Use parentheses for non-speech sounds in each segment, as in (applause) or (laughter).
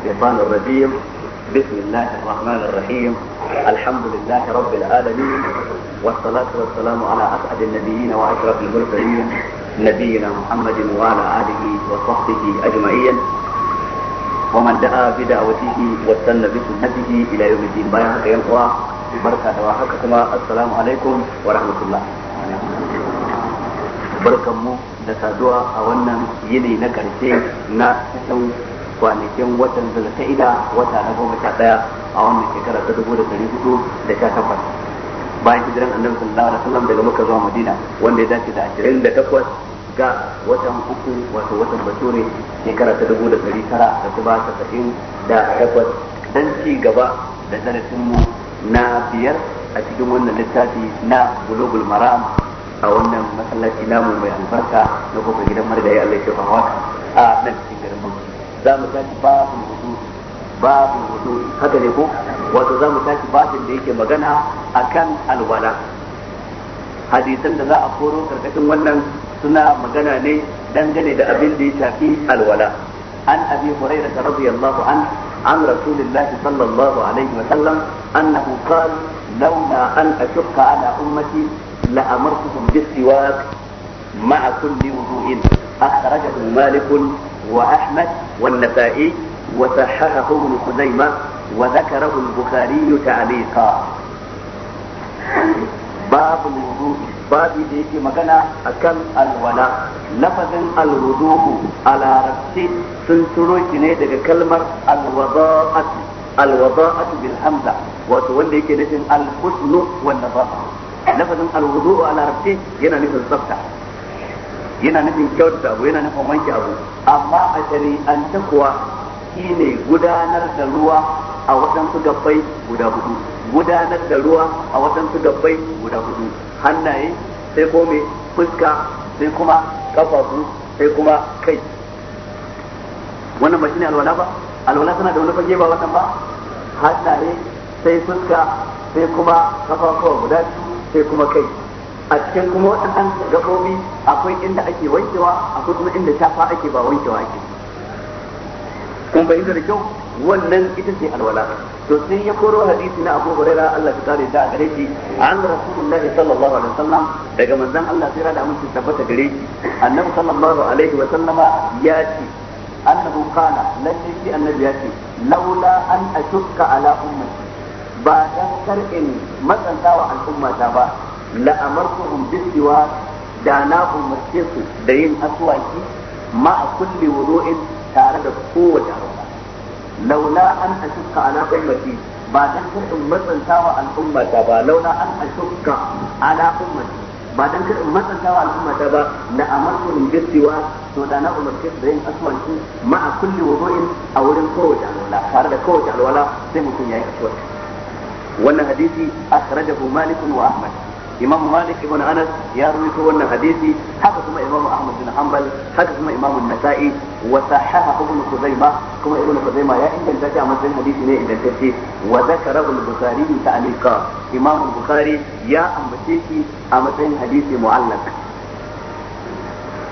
الشيطان الرجيم بسم الله الرحمن الرحيم الحمد لله رب العالمين والصلاة والسلام على أسعد النبيين وأشرف المرسلين نبينا محمد وعلى آله وصحبه أجمعين ومن دعا بدعوته واستنى بسنته إلى يوم الدين بايعك يا بركة وحقكما السلام عليكم ورحمة الله بركة da saduwa أولا يلي نكرتين نا kwanakin watan zulka'ida wata na goma sha daya a wannan shekara ta dubu da dari hudu da sha takwas bayan hijiran annabi sallallahu alaihi wasallam daga makka zuwa madina wanda ya dace da ashirin da takwas ga watan uku wato watan bature shekara ta dubu da dari tara da kuma tasa'in da takwas dan ci gaba da mu na biyar a cikin wannan littafi na bulugul maram a wannan masallaci namu mai albarka na kofar gidan marigayi Allah ya shafa a nan cikin garin za mu tashi babin wudu babin wudu haka ne ko wato za mu tashi babin da yake magana akan alwala hadisan da za a koro karkashin wannan suna magana ne dangane da abin da ya shafi alwala an abi hurairah radiyallahu anhu عن رسول الله صلى الله عليه وسلم أنه قال لولا أن أشق على أمتي لأمرتهم بالسواك مع كل وضوء أخرجه مالك وأحمد والنسائي وصححه ابن خزيمة وذكره البخاري تعليقا باب الوضوء باب ديكي مغنى أكل الولاء لفظ الوضوء على رأسي سنسروي تنيدك كلمة الوضاءة الوضاءة بالحمزة وتولي كده الحسن والنظافة lafazin alwudu ala rabbi yana nufin tsafta yana nufin kyautata abu yana nufin wanke abu amma a tsari an ta kuwa shine gudanar da ruwa a waɗansu gabbai guda hudu gudanar da ruwa a waɗansu gabbai guda hudu hannaye sai ko mai fuska sai kuma kafafu sai kuma kai wannan ba shine alwala ba alwala tana da wani fage ba wannan ba hannaye sai fuska sai kuma kafafuwa guda sai kuma kai a cikin kuma waɗannan gaɓoɓi akwai inda ake wankewa akwai kuma inda shafa ake ba wankewa ake kun fahimta da kyau wannan ita ce alwala to sai ya koro hadisi na Abu Hurairah Allah ya kare da gare shi an Rasulullahi sallallahu alaihi wasallam daga manzon Allah sai da aminci tabbata gare shi annabi sallallahu alaihi wasallama ya ce annahu kana lalle shi annabi ya ce laula an ashukka ala ummati ba dan kar in matsantawa al'ummata ba la'amartuhum bisiwa da na umarce su da yin aswaki ma a kulli wudu'in tare da kowace alwala laula an ashukka ala ummati ba dan kar in matsanta al'umma ta ba laula an ashukka ala ummati ba dan kar in matsanta al'umma ta ba la amartuhum bisiwa to da na umarce su da yin aswaki ma a kulli wudu'in a wurin kowace alwala tare da kowace alwala sai mutum yayi aswaki wannan hadisi akhrajahu malik wa ahmad imam malik ibn anas ya rawaito wannan hadisi haka kuma imam ahmad bin hanbal haka kuma imam an-nasa'i wa sahaha kuma ibn khuzaima ya inganta shi a matsayin hadisi ne ingantacce wa zakara al-bukhari ta'liqa imam al-bukhari ya ambace shi a matsayin hadisi mu'allaq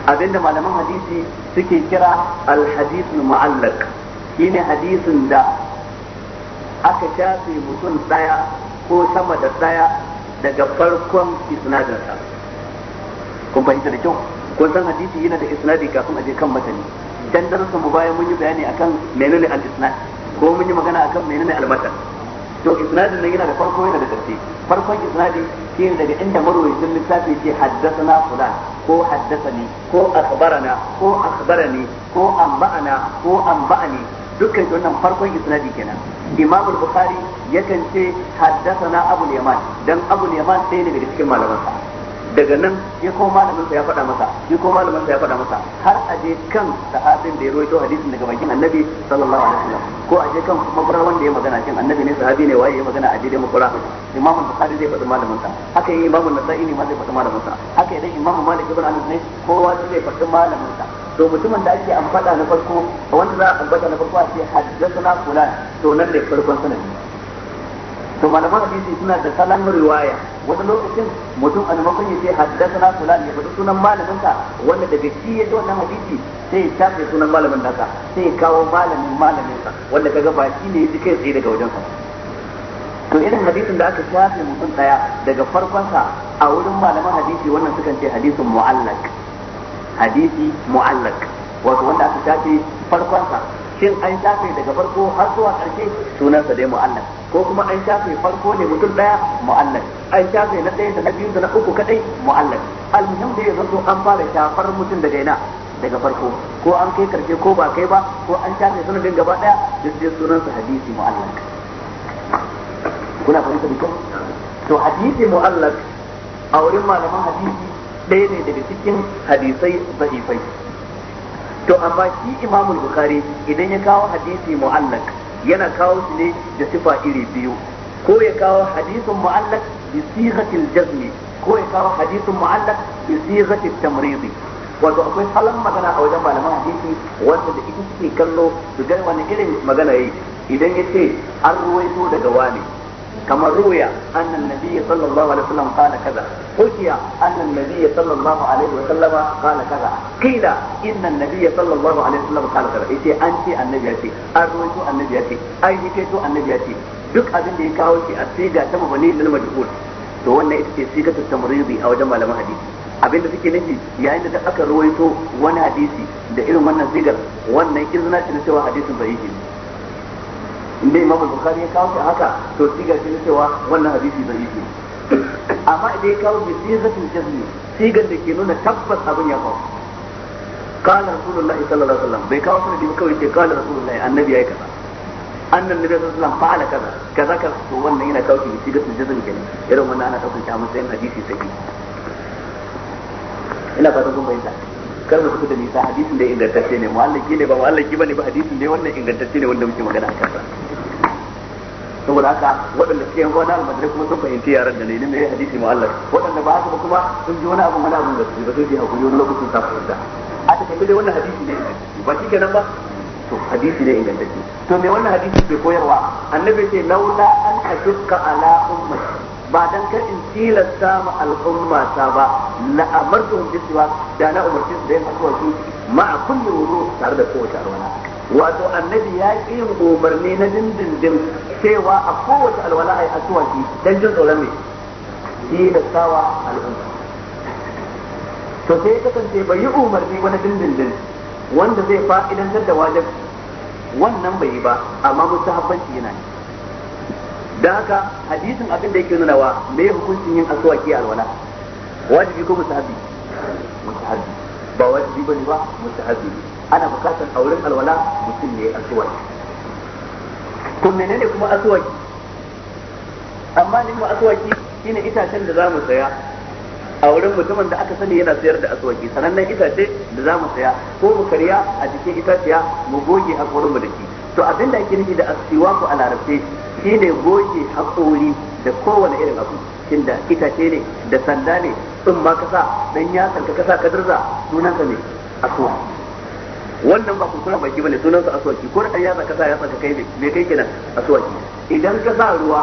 abinda malaman hadisi suke kira al-hadith al-mu'allaq shine hadisin da aka shafe mutum daya ko sama da daya daga farkon isnadinsa kun fahimta da kyau kun san hadisi yana da isnadi kafin a je kan matani dan darasin mu bayan mun yi bayani akan menene al-isnad ko mun yi magana akan menene al-matan to isnadin nan yana da farko yana da ƙarshe farkon isnadi shine daga inda marwayin littafi ke haddathana fulan ko haddathani ko akhbarana ko akhbarani ko anba'ana ko anba'ani dukkan shi wannan farkon isnadi kenan imam al-bukhari yakan ce haddathana abu yaman dan abu yaman sai ne daga cikin malaman sa daga nan ya ko malamin sa ya faɗa masa ya ko malamin sa ya faɗa masa har a je kan sahabin da ya rawaito hadisin daga bakin annabi sallallahu alaihi wasallam ko a je kan makura wanda ya magana kin annabi ne sahabi ne waye ya magana a je dai makura imam al-bukhari zai faɗi malamin sa haka yi imam an-nasa'i ne ma zai faɗi malamin sa haka idan imam malik ibn anas ne kowa zai faɗi malamin sa to mutumin da ake ambata na farko a wanda za a ambata na farko a ce na kula to nan ne farkon sanadi to malaman hadisi suna da salon riwaya wani lokacin mutum a namakon ya ce haddasa kula ya faɗi sunan malamin wanda daga shi ya wannan hadisi sai ya shafe sunan malamin nasa sai ya kawo malamin malamin sa wanda kaga ba shi ne ya ji kai tsaye daga wajen sa to irin hadisin da aka shafe mutum daya daga farkon sa a wurin malaman hadisi wannan sukan ce hadisin mu'allaq hadisi mu'allak wato wanda aka shafe farkonsa shin an shafe daga farko har zuwa ƙarshe sunansa dai mu'allaq ko kuma an shafe farko ne mutum daya muallak an shafe na ɗaya da na biyu da na uku kadai mu'allaq almuhim da ya an fara shafar mutum daga ina daga farko ko an kai karshe ko ba kai ba ko an shafe sanadin gaba daya duk dai sa hadisi mu'allaq kuna fahimta da kyau to hadisi mu'allak a wurin malaman hadisi ɗaya ne daga cikin hadisai za'ifai to amma shi imamul bukhari idan ya kawo hadisi mu'allak yana kawo shi ne da sifa iri biyu ko ya kawo hadisin mu'allak bi sihatil jazmi ko ya kawo hadisin mu'allak bi sihatil tamridi wato akwai salon magana a wajen malaman hadisi wanda da ita suke kallo su ga wani irin magana yayi idan ya ce an ruwaito daga wani كما روي أن النبي صلى الله عليه وسلم قال كذا حكي أن النبي صلى الله عليه وسلم قال كذا قيل إن النبي صلى الله عليه وسلم قال كذا إيتي أنت النبي أتي أرويت النبي أتي أيهكيت النبي أتي duk abin da ya kawo shi a siga ta mabani lil majhul to wannan ita ce sigatul tamridi a wajen malaman hadisi abin da suke nufi yayin da aka ruwaito wani hadisi da irin wannan sigar wannan izina ce na cewa hadisin sahihi ne in inda imamu bukari ya kawo shi haka to siga shi na cewa wannan hadisi zai yi amma idan ya kawo bi sigatul jazmi sigan da ke nuna tabbas abin ya faru qala rasulullahi sallallahu alaihi wasallam bai kawo sanadi ba kawai ce qala rasulullahi annabi yayi kaza annan nabi sallallahu alaihi wasallam fa'ala kaza kaza kaza to wannan yana kawo shi bi sigatul jazmi kenan irin wannan ana kawo shi a matsayin hadisi sahihi ina fatan kun bayyana kar mu tafi da nisa hadisin da ingantacce ne mu'allaki ne ba mu'allaki bane ba hadisin ne wannan ingantacce ne wanda muke magana a kansa saboda haka waɗanda suke yan wani almajirai kuma sun fahimci yaran da ne ne mai hadisi mu'allak waɗanda ba haka ba kuma sun ji wani abu wani abin da su ba sai ji hakuri wani lokacin sa fahimta a ta kai wannan hadisi ne ba shi kenan ba to hadisi ne ingantacce to me wannan hadisi ke koyarwa annabi ce laula an ashukka ala ummati ba dan kar in tilasta ma al'umma ta ba la amartuhum bisiwa da na umarci su da yin aswaki ma kulli wuru tare da kowace alwala wato annabi ya ki yin umarni na dindindin cewa a kowace alwala ai aswaki dan jin tsoron me tilastawa al'umma to sai ya kasance bai yi umarni wani dindindin wanda zai fa'idantar da wajibi wannan bai yi ba amma mutahabbanci yana ne da haka hadisin abin da yake nuna wa me hukuncin yin aswaki alwala wajibi ko mutahabi mutahabi ba wajibi bane ba mutahabi ana bukatar auren alwala mutum ne aswaki to menene kuma aswaki amma ne kuma aswaki shine itacen da zamu saya a wurin mutumin da aka sani yana sayar da aswaki sanannen itace da zamu saya ko mu karya a jikin itaciya mu goge hakorin mu da shi to abin da ake nufi da asiwaku a larabce shi ne goge haƙori da kowane irin abu inda da itace ne da sanda ne in ma kasa dan ya sanka kasa ka dirza sunan ka ne aswa wannan ba kuskuren baki bane sunan sa aswaki ko da ya sanka kasa ya sanka kai ne me kai kenan ki idan ka sa ruwa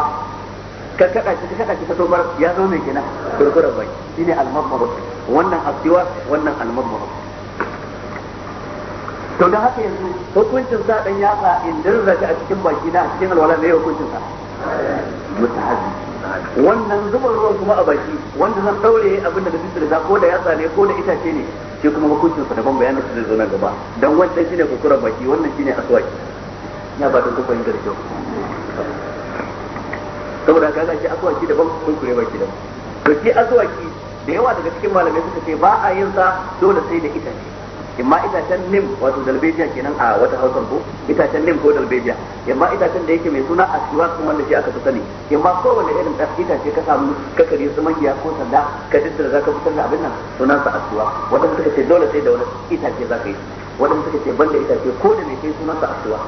ka kada shi ka kada shi ka tomar ya zo ne kenan kurkuren baki shine ne mabmar wannan aswa wannan al-mabmar to da haka yanzu hukuncin sa dan sa in dirra shi a cikin baki na a cikin alwala ne hukuncin sa mutahabi wannan zuban ruwan kuma a baki wanda zan daure abin da bisu da ko da yatsa ne ko da itace ne shi kuma hukuncin sa daban bayanin da zai zo nan gaba dan wannan shine kukuran baki wannan shine aswaki Ya ba da duk wani da kyau saboda ga shi aswaki daban kurkure baki daban to shi aswaki da yawa daga cikin malamai suka ce ba a yin sa dole sai da itace imma itacen nim wato dalbejiya kenan a wata hausar ko itacen nim ko dalbejiya imma itacen da yake mai suna shiwa kuma da shi aka fi sani imma kowane irin ɗan itace ka samu kakari su magiya ko sanda ka tattara za ka fitar da abin nan sunan sa shiwa wanda suka ce dole sai da wani itace za ka yi wanda suka ce banda itace ko da mai kai sunan sa shiwa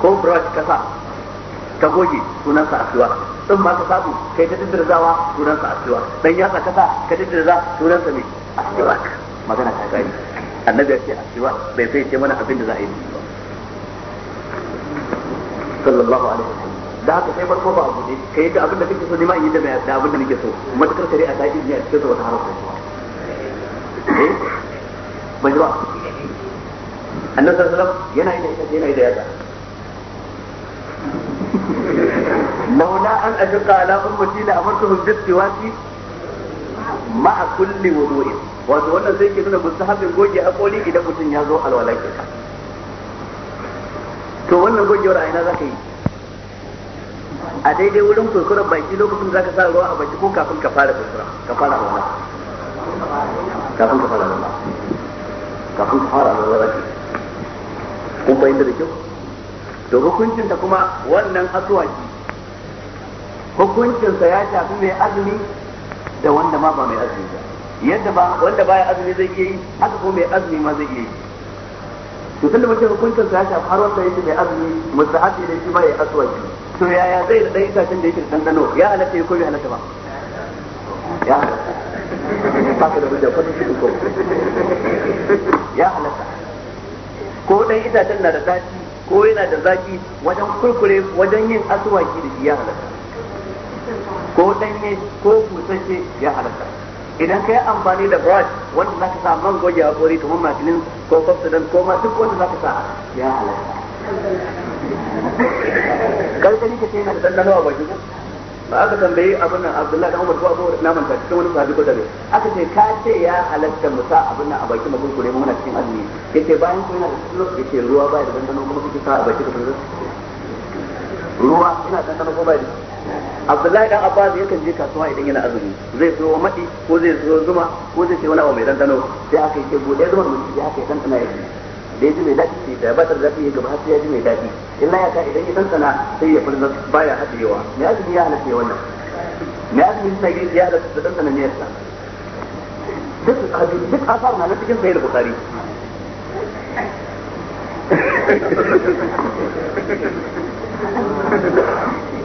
ko brush ka sa ka goge sunan sa shiwa din ma ka samu kai ta daddarzawa sunan sa shiwa dan yatsa ka sa ka za sunan sa ne a shiwa magana ta gani annabi ya ce a cewa bai sai ce mana abin da za a yi ba sallallahu alaihi wasallam da haka sai farko ba abu ne kai da abin da kake so nima in yi da mai da abin da nake so matakar kare a sai ne a cikin wata harkar eh mai ruwa annabi sallallahu yana yi da ita yana yi da yadda لولا أن أشق على أمتي لأمرتهم بالسواك ma'a kulli wudu'in wato wannan sai ke nuna mustahabbin goge hakori idan mutum ya zo alwala ke to wannan gogewar a ina zaka yi a daidai wurin kurkuren baki lokacin zaka sa ruwa a baki ko kafin ka fara kurkura ka fara alwala kafin ka fara alwala kafin ka fara alwala zaka kun bayyana da kyau to hukuncin ta kuma wannan aswaki hukuncinsa ya shafi mai azumi da wanda ma ba mai azumi ba yadda ba wanda baya azumi zai iya yi haka ko mai azumi ma zai iya yi to tunda mace hukuncin sa ya shafi har wanda yake mai azumi mustahabi ne shi ba ya shi to yaya zai da dai itacen da yake da dano ya halatta ya ko bai halatta ba ya halatta da shi ko ya halatta ko dai itacen na da zaki ko yana da zaki wajen kurkure wajen yin aswaki da shi ya halatta ko danye ko busasshe ya halatta idan ka yi amfani da brush wanda zaka sa man goge kori kamar makilin ko kofsidan ko ma duk wanda zaka sa ya halatta karkari ka ce yana da dandano a bakin ba aka tambayi abin nan abdullahi dan umar ko abu na ta cikin wani sahabi ko dare aka ce ka ce ya halatta mu sa abin nan a bakin mutum kure muna cikin azumi yace bayan ko yana da tsiro yace ruwa ba da dandano kuma kike sa a baki ka ruwa ina dandano ko ba da abdullahi dan abbas yakan je kasuwa idan yana azumi zai sayo madi ko zai sayo zuma ko zai sayo wani abu mai dandano sai aka yi bude zuma mun ji aka yi dan ya yake da ya ji mai daɗi sai da ta daɗi ya gaba har sai ya ji mai daɗi illa ya ka idan ya dandana sai ya furza baya haɗewa me azumi ya halatta wannan me azumi sai ya halatta da dandana ne yasa duk duk asar na cikin Sayyid bukhari (laughs)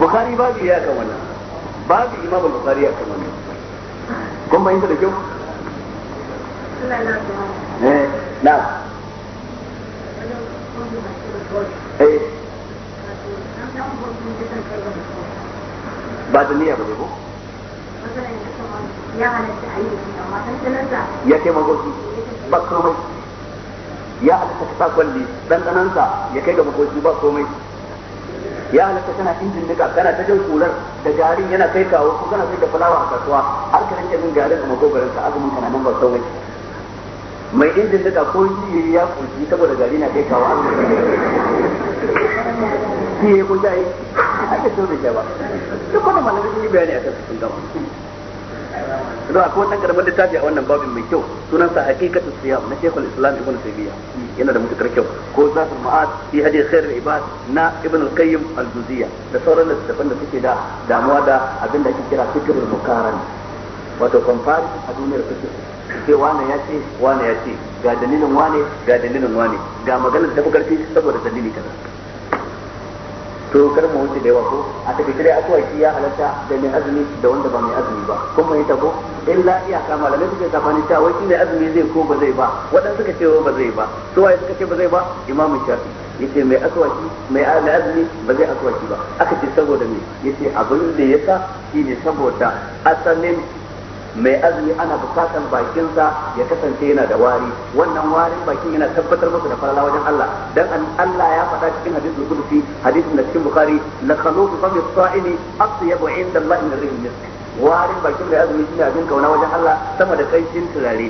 bukhari babu ya kan wannan babu bukari ya kan wannan kun da kyau eh, na eh. ba da niyya ba ne ya kai ba komai ya halatta ya kai ba komai ya halatta kana injin nika kana ta jan kular da garin yana kai kawo ko kana kai da fulawa a kasuwa har ka rinke min garin a makogarin ka azumin kana nan ba sauki mai injin nika ko yi ya kuji saboda gari na kai kawo shi ya kun yi ake so bai ba duk wannan malamai sun yi bayani a kan sun gama don akwai wannan karamin littafi a wannan babin mai kyau sunansa hakikatu siyam na shekul islam ibn taymiyyah yana da matukar kyau ko zafin ma'ad fi khair da ibad na ibn al-qayyim al-juziyya da sauran littattafan da suke da damuwa da abin da ake kira fikrul mukaran wato comparison a duniyar fiqh sai wane ya ce wane ya ce ga dalilin wane ga dalilin wane ga maganar da tafi karfi saboda dalili kaza to kar mu wuce da yawa ko a take a akwai ya halatta da mai azumi da wanda ba mai azumi ba kuma ta ko illa da malamai suke tsakanin ta wai mai azumi zai ko ba zai ba wadan suka ce ba zai ba su wai suka ce ba zai ba imamu shafi yace mai aswaki mai azumi ba zai aswaki ba aka ce saboda me yace abin da yasa shine saboda asalin mai azumi ana bukatar bakinsa ya kasance yana da wari wannan warin bakin yana tabbatar masa da falala wajen Allah dan Allah ya faɗa cikin hadisin kudufi hadisin da cikin na la khalufu fami sa'ini atyabu inda Allah min rihil warin bakin mai azumi shine abin kauna wajen Allah sama da kancin turare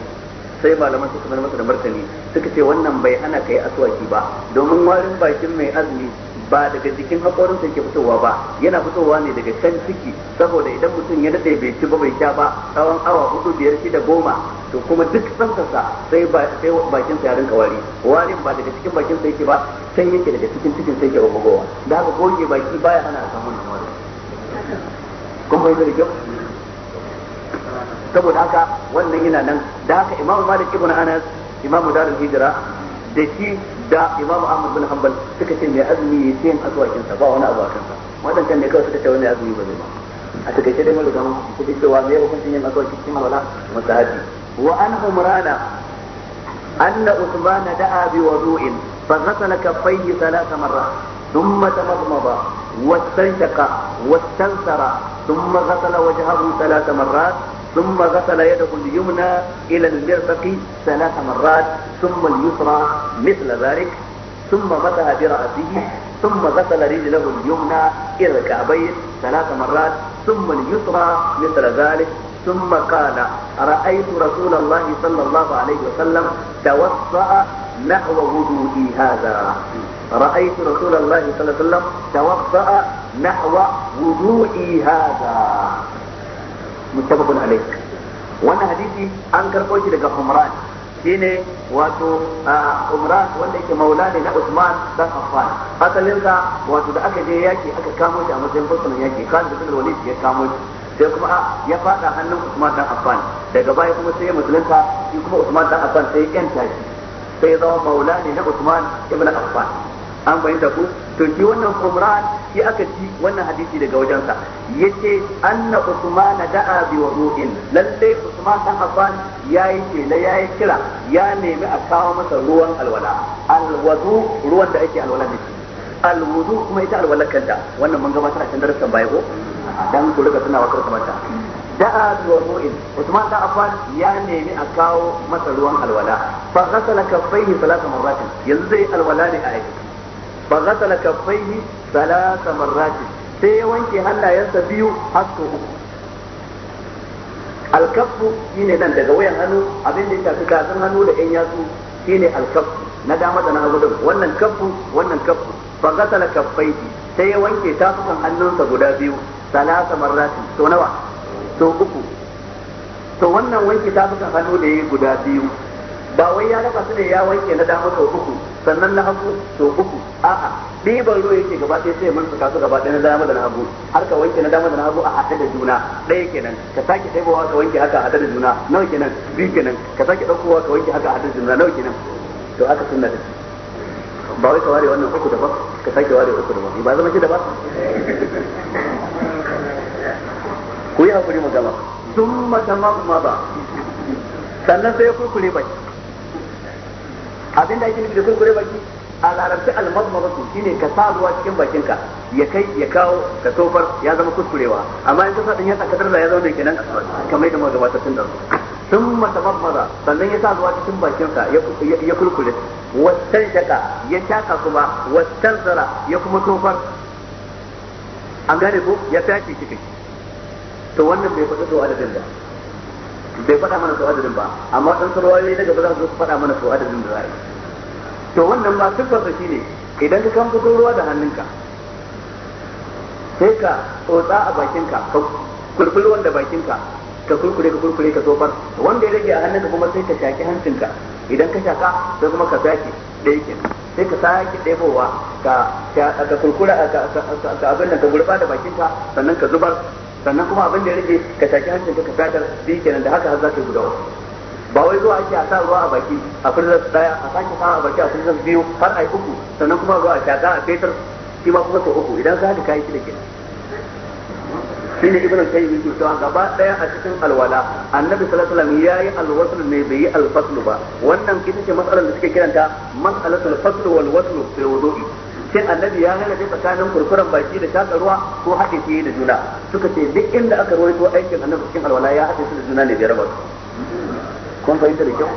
sai malaman suka zama masa da martani suka ce wannan bai ana kai asuwaki ba domin warin bakin mai azumi ba daga jikin hakorinsa yake fitowa ba yana fitowa ne daga can ciki saboda idan mutum ya daɗe bai ci ba bai sha ba tsawon awa hudu biyar shida goma to kuma duk tsantarsa sai bakinsa ya rinka wari warin ba daga cikin bakinsa yake ba can yake daga cikin cikin sai yake gowa da haka goge baki baya hana samun nan wari kun bai da kyau saboda haka wannan yana nan da haka imamu malik ibn anas imamu darul hijra da shi da imamu ahmad bin hanbal suka ce mai azumi ya ce aswakin sa ba wani abu akan sa waɗanda ne kawai suka ce wani azumi ba zai ba a takaice dai maluka ma su ce cewa mai hukuncin yin aswaki cikin wala musahabi wa an umrana anna usmana da'a bi wudu'in fa ghasala kaffayhi thalath marrat ثم تمضمض واستنشق واستنثر ثم غسل وجهه ثلاث مرات ثم غسل يده اليمنى إلى المرفق ثلاث مرات ثم اليسرى مثل ذلك ثم مسح برأسه ثم غسل رجله اليمنى إلى الكعبين ثلاث مرات ثم اليسرى مثل ذلك ثم قال رأيت رسول الله صلى الله عليه وسلم توسع نحو وضوئي هذا رأيت رسول الله صلى الله عليه وسلم توسع نحو وضوئي هذا muttafaqun alayh wannan hadisi an karɓo shi daga Umran shine wato Umran wanda yake maula ne na Usman dan Affan asalinsa wato da aka je yaki aka kamo shi a matsayin fursunan yaki kan da bin wani ya kamo shi sai kuma ya fada hannun Usman dan Affan daga baya kuma sai ya musulunta shi kuma Usman dan afan sai ya yanta shi sai ya zama maula ne na Usman ibn Affan an fahimta ko to shi wannan umran shi aka ci wannan hadisi daga wajensa yace anna usman da'a bi wudu'in lalle usman dan affan yayi kela yayi kira ya nemi a kawo masa ruwan alwala alwudu ruwan da ake alwala da shi alwudu kuma ita alwala kanta wannan mun gabatar a can darasin baya ko dan ku riga tunawa kar kamata da'a bi wudu'in usman dan affan ya nemi a kawo masa ruwan alwala fa ghasala kaffaihi salasa marratin yanzu zai alwala ne a aiki fa كفيه ثلاث مرات marrati sai ya wanke hannayensa biyu har sau uku alkaffu nan daga wayan hannu abin da ya shafi kafin hannu da yan yatsu shine alkaffu na dama da na hagu wannan kaffu wannan kaffu fa ghasala kaffaihi sai ya wanke hannunsa guda to wannan wanke tafukan hannu da ya yi guda biyu ba wai ya rafa su ne ya wanke na damar sau uku sannan na hagu to uku a'a ɗiban ruwa yake gaba ɗaya sai mun saka su gaba ɗaya na dama da na hagu har ka wanke na dama da na hagu a haɗe da juna ɗaya kenan ka sake ɗaibowa ka wanke haka a haɗe da juna nawa kenan biyu kenan ka sake ɗaukowa ka wanke haka a haɗe da juna nawa kenan to aka sunna da ba wai ka ware wannan uku daban ka sake ware uku da ba zama shi daban ku yi hakuri mu gama sun mata ma ba sannan sai ya kurkure baki abinda ake nufi da kurkure baki a larabci almazmazatu shine ka sa ruwa cikin bakinka ya kai ya kawo ka tofar ya zama kuskurewa amma in ka sa ya tsaka da ya zama da kenan kamar da magabata tun tunda sun matamammaza sannan ya sa ruwa cikin bakinka ya kurkure wattar shaka ya taka kuma wattar zara ya kuma tofar an gane ko ya tashi cikin to wannan bai faɗi to adadin ba bai faɗa mana su adadin ba amma dan sarwaye daga ba za su faɗa mana su adadin da za a yi to wannan ma siffar sa shine idan ka kan fito ruwa da hannunka sai ka tsotsa a bakinka ka kulkul wanda bakinka ka kulkure ka kulkure ka tofar wanda ya rage a hannunka kuma sai ka shaki hancinka idan ka shaka sai kuma ka sake ɗaya yake sai ka sake ɗebowa ka ka kulkura ka abin da ka gurɓa da bakinka sannan ka zubar sannan kuma abin da ya rage ka take hancin ka fatar bi kenan da haka har za ka guda uku ba wai zuwa ake a sa ruwa a baki a firzar daya a sake sa a baki a firzar biyu har a yi uku sannan kuma ruwa a shaka a fetar shi ma kuma sau uku idan ka haka kayi da kenan shi ne ibn kai qayyim yake cewa gaba daya a cikin alwala annabi sallallahu alaihi wasallam yayi alwasl ne bai yi alfasl ba wannan ita ce matsalar da suke kiranta mas'alatul fasl wal wasl fil wudu'i shin annabi ya halaje tsakanin kurkuren baki da shaka ruwa ko haɗe fiye da juna suka ce duk inda aka rawaito aikin annabi cikin alwala ya haɗe su da juna ne bai raba su kun fahimta da kyau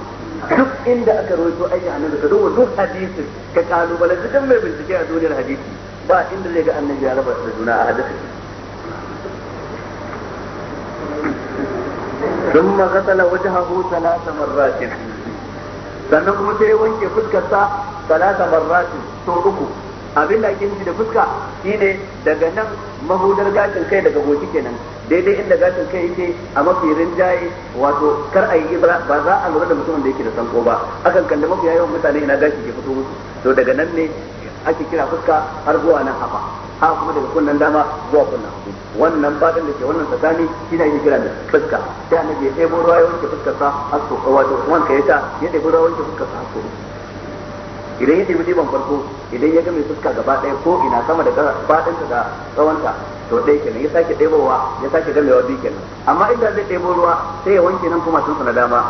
duk inda aka rawaito aikin annabi ka duba duk hadisin ka kalubalen duk mai bincike a duniyar hadisi ba inda zai ga annabi ya raba su da juna a hadisi ثم غسل وجهه ثلاث مرات sannan kuma sai ya wanke fuskarsa talata marrati sau uku abin da ake nufi da fuska shine daga nan mahudar gashin kai daga goshi kenan daidai inda gashin kai yake a mafi rinjaye wato kar a yi ibra ba za a lura da mutumin da yake da sanko ba akan kalli mafi yawan mutane ina gashi ke fito musu to daga nan ne ake kira fuska har zuwa nan hafa ha kuma daga kunnen dama zuwa kunnen wannan fadin da ke wannan tsakani shine ake kira da fuska sai annabi ya ɗebo ruwa ya wanke fuskarsa sa har wato wanka ya ta ya ɗebo ruwa ya wanke fuskarsa sa har idan ya taimaki ban farko idan ya ga mai fuska gaba ɗaya ko ina sama da faɗinta da tsawonta to ɗaya kenan ya sake ɗebowa ya sake gamewa biyu kenan amma inda zai ɗebo ruwa sai ya wanke nan kuma sun na dama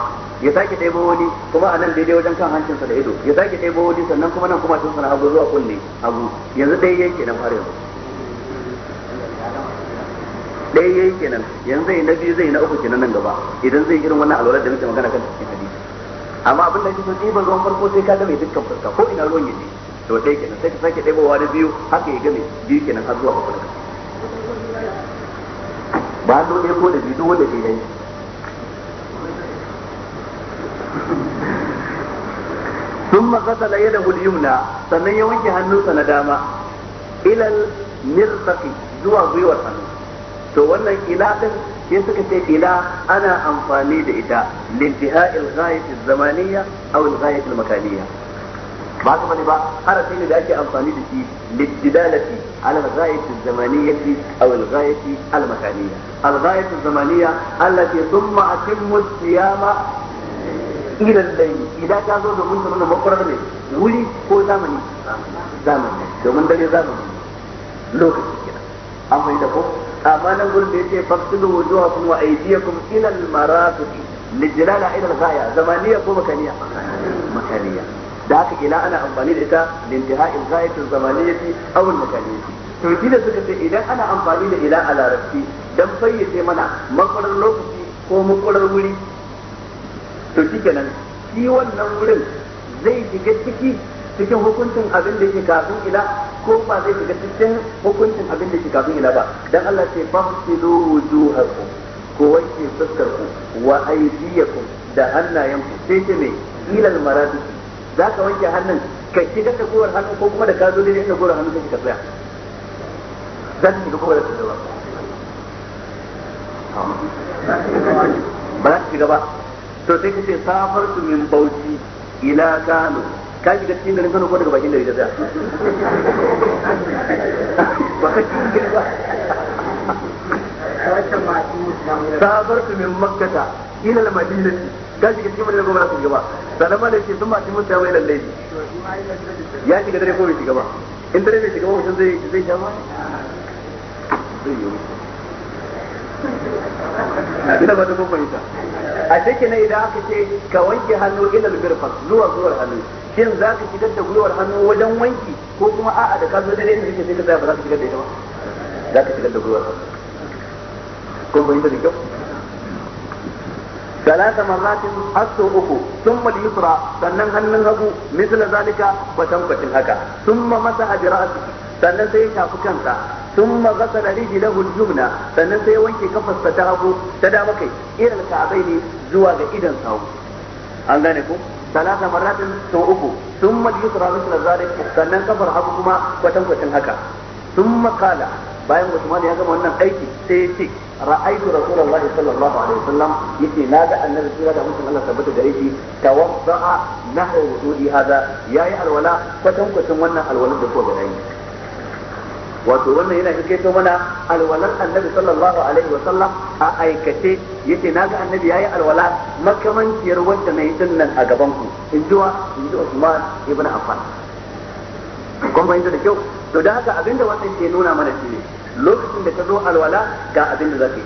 ya sake ɗebo wani kuma a nan daidai wajen kan hancinsa da ido ya sake ɗebo wani sannan kuma nan kuma sun na hagu zuwa kunne hagu yanzu ɗaya yanke nan fara yanzu ɗaya yayi kenan yanzu zai na biyu zai na uku kenan nan gaba idan zai irin wannan alwalar da muke magana kan cikin hadisi amma abin da ke so ɗiban ruwan farko sai ka game dukkan fuska ko ina ruwan yake to dai kenan sai ka sake ɗebowa na biyu haka ya game biyu kenan har zuwa uku ba hannu ɗaya ko da biyu duk wanda ke yayi da غسل يده اليمنى sannan ya wanke hannunsa na dama ilal mirfaqi zuwa gwiwar hannu to wannan ila din sai suka ce ila ana amfani da ita lintihai al-ghayat aw al-ghayat ba kuma ne ba harafi ne da ake amfani da shi liddilalati ala al-ghayat az aw al-ghayat al-makaniyya al-ghayat az allati thumma atimmu siyama ila al-layl idan ka zo da mun nuna makwarar ne wuri ko zamani zamani domin dare zamani lokaci kenan an fahimta ko amma nan gurin da fasilu faqsidu kuma wa aidiya kuma ilal marafiq lijlala ila al zamaniya ko makaniya makaniya da haka ila ana amfani da ita lintihai al-ghayat az zamaniya ko al makaniya? to shi da suka ce idan ana amfani da ila a larabci dan fayyace mana makwarar lokaci ko makwarar wuri to nan, shi wannan wurin zai shiga ciki cikin hukuncin abin da yake kafin ila ko ba zai shiga cikin hukuncin abin da ke kafin ila ba dan Allah ce fahsilu wujuhakum ko wanke fuskar ku wa aydiyakum da hannayenku sai ce me ilal za zaka wanke hannun ka shiga da gowar hannu ko kuma da ka zo da da gowar hannun sai ka tsaya zan shiga gowar da ba ba za ka shiga ba to sai ka ce su min bauchi ila kano ka shiga cikin garin Kano ko daga bakin gari ta tsaya ba ka cikin gari ba sabartu min makkata ila al-madinati ka shiga cikin madina ko ba ka shiga ba da yake sun ma cikin mutane ila laifi ya shiga dare ko bai shiga ba in dare bai shiga ba mutum zai zai sha ma zai yi ina ba ta kun fahimta a take na idan aka ce ka wanke hannu ila albirfar zuwa zuwar hannu shin za ka shigar da gwiwar hannu wajen wanki ko kuma a'a da ka da ne kake sai ka zaba za ka shigar da ita ba za ka shigar da gwiwar hannu kun fahimta da kyau ثلاث مرات أسو أكو ثم اليسرى فنن هنن هبو مثل ذلك وتنفتن هكا ثم مسح براسه sannan sai ya shafi kansa sun magasa da riji lahul jumna sannan sai ya wanke kafasta ta hagu ta dama kai irin ka'abai ne zuwa ga idan sawu an gane ko salasa maratin sau uku sun majisra misra zalik sannan kafar hagu kuma kwatankwacin haka sun makala bayan Usman ya gama wannan aiki sai ya ce ra'aytu rasulullahi sallallahu alaihi wasallam yace na ga annabi sura da mutum Allah tabbata gare shi tawadda'a nahwa wududi hada yayi alwala kwatan wannan alwalar da ko ga dai wato wannan yana kaito mana alwalan annabi sallallahu alaihi wa sallam a aikace yace naga annabi yayi alwala makamanciyar wanda nayi din nan a gaban ku injuwa inji Usman ibn Affan kun bayyana da kyau to da haka abinda wannan ke nuna mana shi lokacin da ka zo alwala ga abinda zaka yi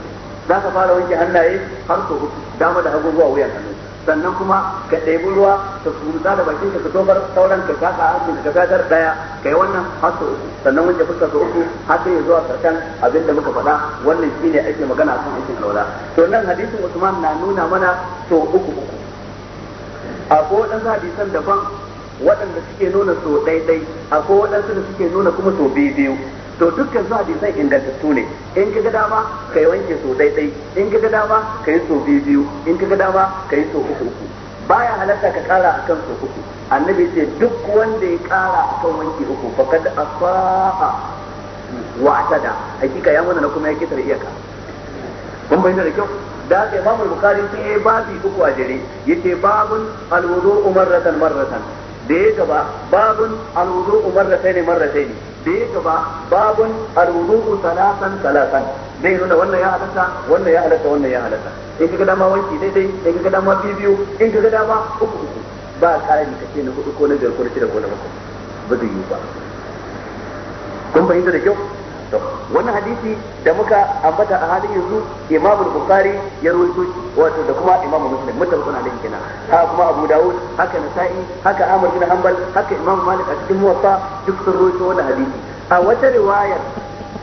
zaka fara wanke hannaye har su dama da hagu zuwa wuyan hannu sannan kuma ka ɗebi ruwa ka kuruta da bakin ka tobar sauran ka kasa da ka gagar ɗaya ka yi wannan hasu uku sannan wanke fuska su uku har ya zuwa karshen abin da muka faɗa wannan shi ne ake magana kan aikin alwala to nan hadisin Usman na nuna mana so uku uku akwai waɗansu hadisan daban waɗanda suke nuna so ɗaiɗai akwai waɗansu da suke nuna kuma so biyu biyu to dukkan su hadisan ingantattu ne in kaga dama kai wanke so in dai in kaga dama kai so biyu biyu in kaga dama kai so uku uku baya halatta ka kara akan so uku annabi ce duk wanda ya kara akan wanke uku faqad asaa wa atada hakika ya mana kuma ya kitar iyaka kun bayyana da kyau da haka imam al-bukhari sai ya babi uku a jere yace babun al-wudu'u marratan marratan da ya gaba babun al-wudu'u marratayn marratan da ya gaba babun alwudu salasan salasan zai nuna wannan ya halatta wannan ya halatta wannan ya halatta in kaga dama wanki daidai in kaga dama biyu biyu in kaga dama uku uku ba tsari kace na hudu ko na biyar ko na shida ko na bakwai ba zai yi ba kun bayyana da kyau to wannan hadisi da muka ambata a halin yanzu Imam Bukhari ya rawaito wato da kuma Imam Muslim mutafaqun alaihi kenan haka kuma Abu Dawud haka Nasa'i haka amr bin Hanbal haka Imam Malik a cikin Muwatta duk sun rawaito wannan hadisi a wata riwayar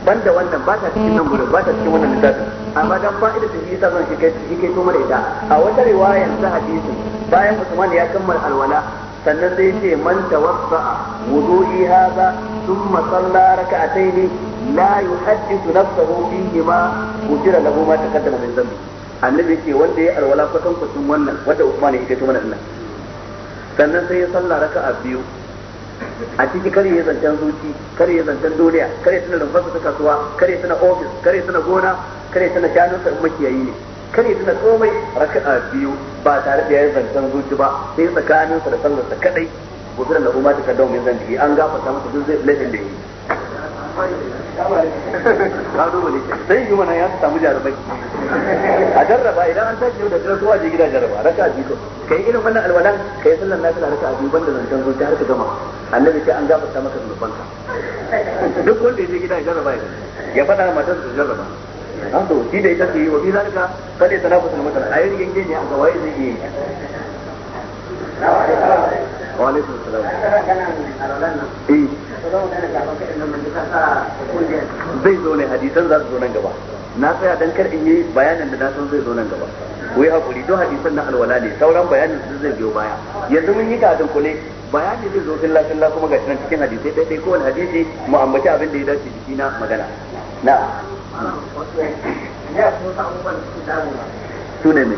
banda wannan ba ta cikin nan gurin ba ta cikin wannan littafin amma dan fa'ida da shi zan shi kai shi kai to mare da a wata riwayar ta hadisi bayan Usman ya kammala alwala sannan sai ce man tawassa wudu'i hadha thumma salla raka'atayn لا يحدث نفسه fihi ma ujira lahu ma taqaddama min dhanbi annabi ke wanda ya alwala kwatan kwatan wannan wanda Usman ya kaito mana dinnan sannan sai ya salla raka'a biyu a ciki kare ya zancen zuci kare ya zancen duniya kare tana rumfarsa ta kasuwa kare tana ofis kare tana gona kare tana shanunsa in makiyayi ne kare tana komai raka'a biyu ba tare da ya zancen zuci ba sai tsakaninsa da sa kadai gobe da lahu ma ta kaddama min dhanbi an gafarta masa duk zai laifin da yi ka duba ne sai yi mana ya samu jarubai a jarraba idan an tashi da kira kowa je gida jarraba raka biyu to kai irin wannan alwalan kai sallan na nafila raka biyu banda zancan zuciya har ka gama annabi sai an gafarta maka zunubanka duk wanda ya je gida ya jarraba ya faɗa matar su jarraba an to shi da ita ke yi wa bi zalika kale tanafusul mutal ayyukan gene a gawaye zai yi wa alaikum salam eh. zai zo ne hadisan za su zo nan gaba na tsaya dan kar in yi bayanin da na san zai zo nan gaba hakuri don hadisan na alwala ne sauran bayanin da zai biyo baya yanzu mun yi ka dunkule bayani zai zo filla filla kuma ga nan cikin hadisai ɗaya ɗaya kowane hadisi mu ambaci abin da ya dace jiki na magana na su ne mai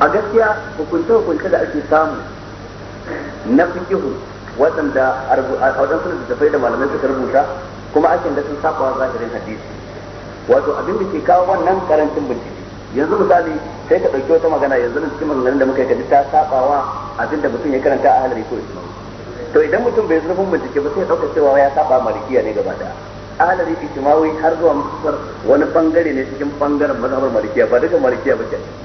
a gaskiya hukunce hukunce da ake samu na fikihu waɗanda a waɗansu littattafai da malamai suka rubuta kuma ake da sun saba wa zahirin hadisi wato abin da ke kawo wannan karancin bincike yanzu misali sai ka ɗauki wata magana yanzu na cikin maganganun da muka yi ta saba wa abin da mutum ya karanta a halari ko isma'u to idan mutum bai zurfin bincike ba sai ya ɗauka cewa ya saba malikiya ne gaba daya ahalari isma'u har zuwa musar wani bangare ne cikin bangaren mazhabar malikiya ba duka malikiya ba kenan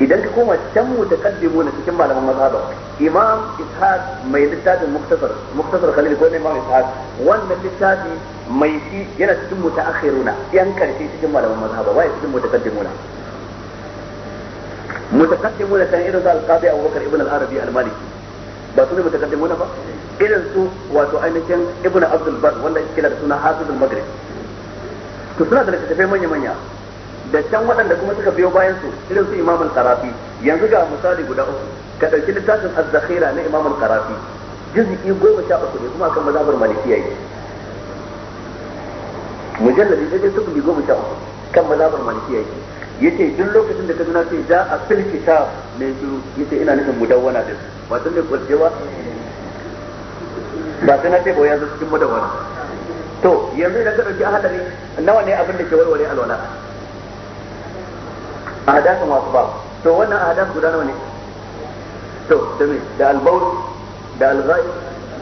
idan ka koma can kaddi na cikin malaman mazhaba imam ishaq mai littafin muktasar muktasar khalil ko ne imam ishaq wannan littafi mai shi yana cikin mutaakhiruna yan karshe cikin malaman mazhaba wai cikin kaddi mu ta kaddi mutaqaddimuna kan irin da al-qadi Abu Bakar ibn al-Arabi al-Maliki ba su ne mutaqaddimuna ba irin su wato ainihin ibn Abdul Bar wanda yake da suna Hafiz al-Maghrib to suna da littafai manya-manya da can waɗanda kuma suka biyo bayan su irin su imamul karafi yanzu ga misali guda uku ka dauki littafin az-zakhira na imamul karafi juz'i 13 ne kuma kan mazhabar malikiya yi mujalladi da ke tukuli goma sha kan mazhabar malikiya yi yace duk lokacin da ka zuna sai ja a fil kitab ne su yace ina nufin mudawwana din ba tun da ba sai na ce boye ya cikin mudawwana to yanzu idan ka dauki ahadari nawa ne abin da ke warware alwala ahadasan wasu ba to wannan ahadas guda nawa ne to da me da albaul da alghay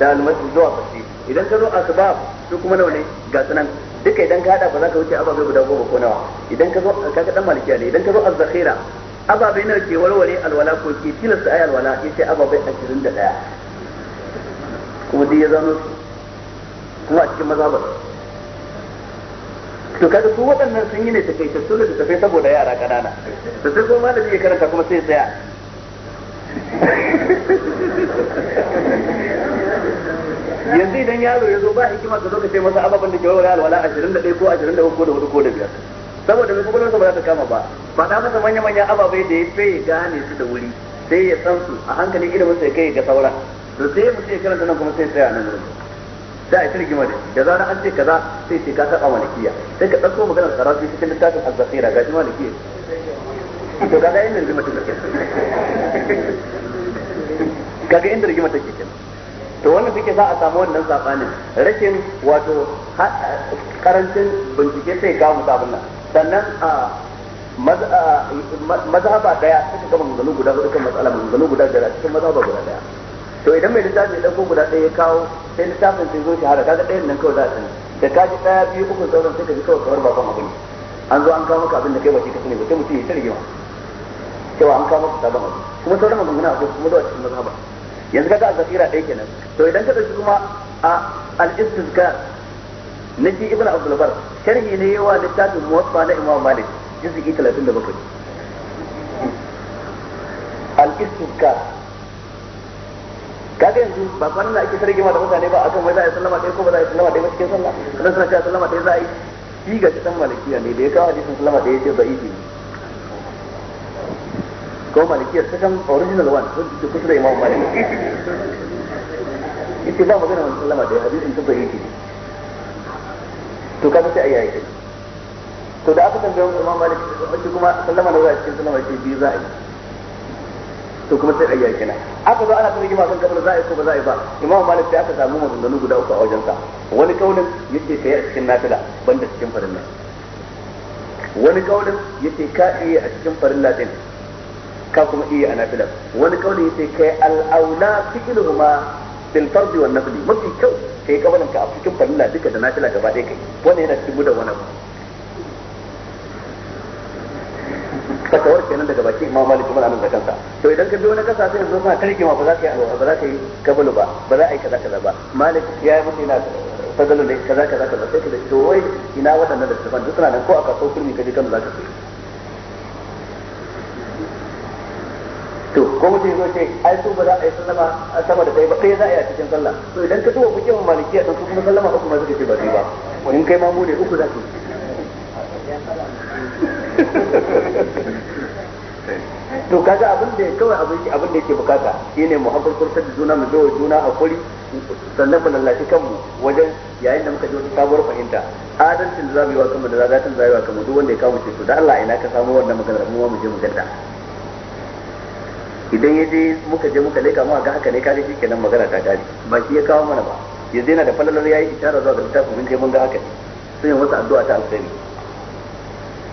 da almasjid zuwa fasi idan ka zo asbab to kuma nawa ne ga sanan duka idan ka hada ba za ka wuce ababe guda goma ko nawa idan ka zo ka ga dan malikiya ne idan ka zo az ababe nawa ke warware alwala ko ke tilasta ayi alwala yace ababe 21 kuma dai ya zama kuma a cikin mazhabar to kaga su waɗannan sun yi ne takaitattu da tafai saboda yara kanana da sai kuma malami ya karanta kuma sai tsaya yanzu idan yaro ya zo ba hikima ka zo ka ce masa ababen da ke wani alwala ashirin da ɗaya ko ashirin da uku da hudu ko da biyar saboda mai kwakwalwarsa ba za ta kama ba faɗa masa manya-manya ababai da ya sai gane su da wuri sai ya san su a hankali ilimin sai kai ga saura to sai mutum ya karanta nan kuma sai tsaya nan wurin sai a yi rigima da shi da zarar an ce kaza sai ce ka saba malikiya sai ka ɗauko maganar sarafi cikin littafin al ga jima malikiya to kaga inda rigima take kaga inda rigima take kenan to wannan take za a samu wannan sabanin rashin wato karancin bincike sai ga musu abin nan sannan a mazhaba daya suka gama maganganu guda hudu kan matsala maganganu guda daya cikin mazhaba guda daya to idan mai littafi ɗauko guda ɗaya ya kawo sai littafin sai zo hara kaga ɗayan nan kawai za a sani da ka ji ɗaya biyu uku sauran sai ka ji kawai kawar bakon abu ne an zo an kawo maka abin da kai wace ka sani ba sai mutum ya ta yawa cewa an kawo maka sabon abu kuma sauran muna a kuma zuwa cikin mazhaba yanzu kaga al-zafira ɗaya kenan to idan ka ɗauki kuma a al-istizkar na shi ibn abdulbar sharhi ne yawa littafin muwaffa na imam malik juz'i 37 al-istizkar kaga yanzu ba kwanan da ake sarki da mutane ba akan wai za a yi sallama ɗaya ko ba za a yi sallama ɗaya ba cikin sallah sannan suna cewa sallama ɗaya za a yi shi ga dan malikiya ne da ya kawo hadisin sallama ɗaya ce ba ne ko malikiya kan original one ko ce kusa da imam malik yace ba magana wani sallama ɗaya hadisin ta ba ne to kaga sai a yi aiki to da aka tambaye imam malik wace kuma sallama na za a cikin sallama ce biyu za a yi to kuma sai ayya kina aka zo ana ta rigima kan kabar za a yi ko ba za a yi ba imam malik sai aka samu maganganu guda uku a wajensa wani kaulin yake kai a cikin nafila banda cikin farilla wani kaulin yake ka iya a cikin farilla din ka kuma iya a nafila wani kaulin yake kai al-aula fi'luhuma bil fardi wan nafli mafi kyau kai kabarin ka a cikin farilla duka da nafila gaba ɗaya kai wannan yana cikin gudan wannan fatawar kenan daga bakin imam malik kuma nan da kansa to idan ka bi wani kasa sai yanzu suna karki ma ba za ka yi alwa ba za ka yi kabulu ba ba za a yi kaza kaza ba malik ya yi musu ina fadalu ne kaza kaza kaza sai ka da to wai ina waɗannan da tafan duk suna nan ko a kaso kurmi ka je kan za ka sai to ko mutum ya ce ai su ba za a yi sallama sama da kai ba kai za a yi a cikin sallah to idan ka tuba bukin malikiya dan su kuma sallama uku ma suka ce ba sai ba wani kai ma mu ne uku za ka yi (laughs) to kaga abin da kawai abin abin da yake bukata shine mu hankurkurtar da juna mu dawo juna a kuri sannan mu lallashi kanmu wajen yayin da muka ji wata sabuwar fahimta adalcin da zamu yi wa kanmu da zagatin zamu yi wa kanmu duk wanda ya kawo ce to da Allah ina ka samu wannan maganar mu mu je mu gadda idan ya je muka je muka leka mu ga haka ne kaga kenan magana ta kare ba shi ya kawo mana ba yanzu yana da falalar yayi isharar zuwa ga littafin mun je mun ga haka ne wasu addu'a ta alkhairi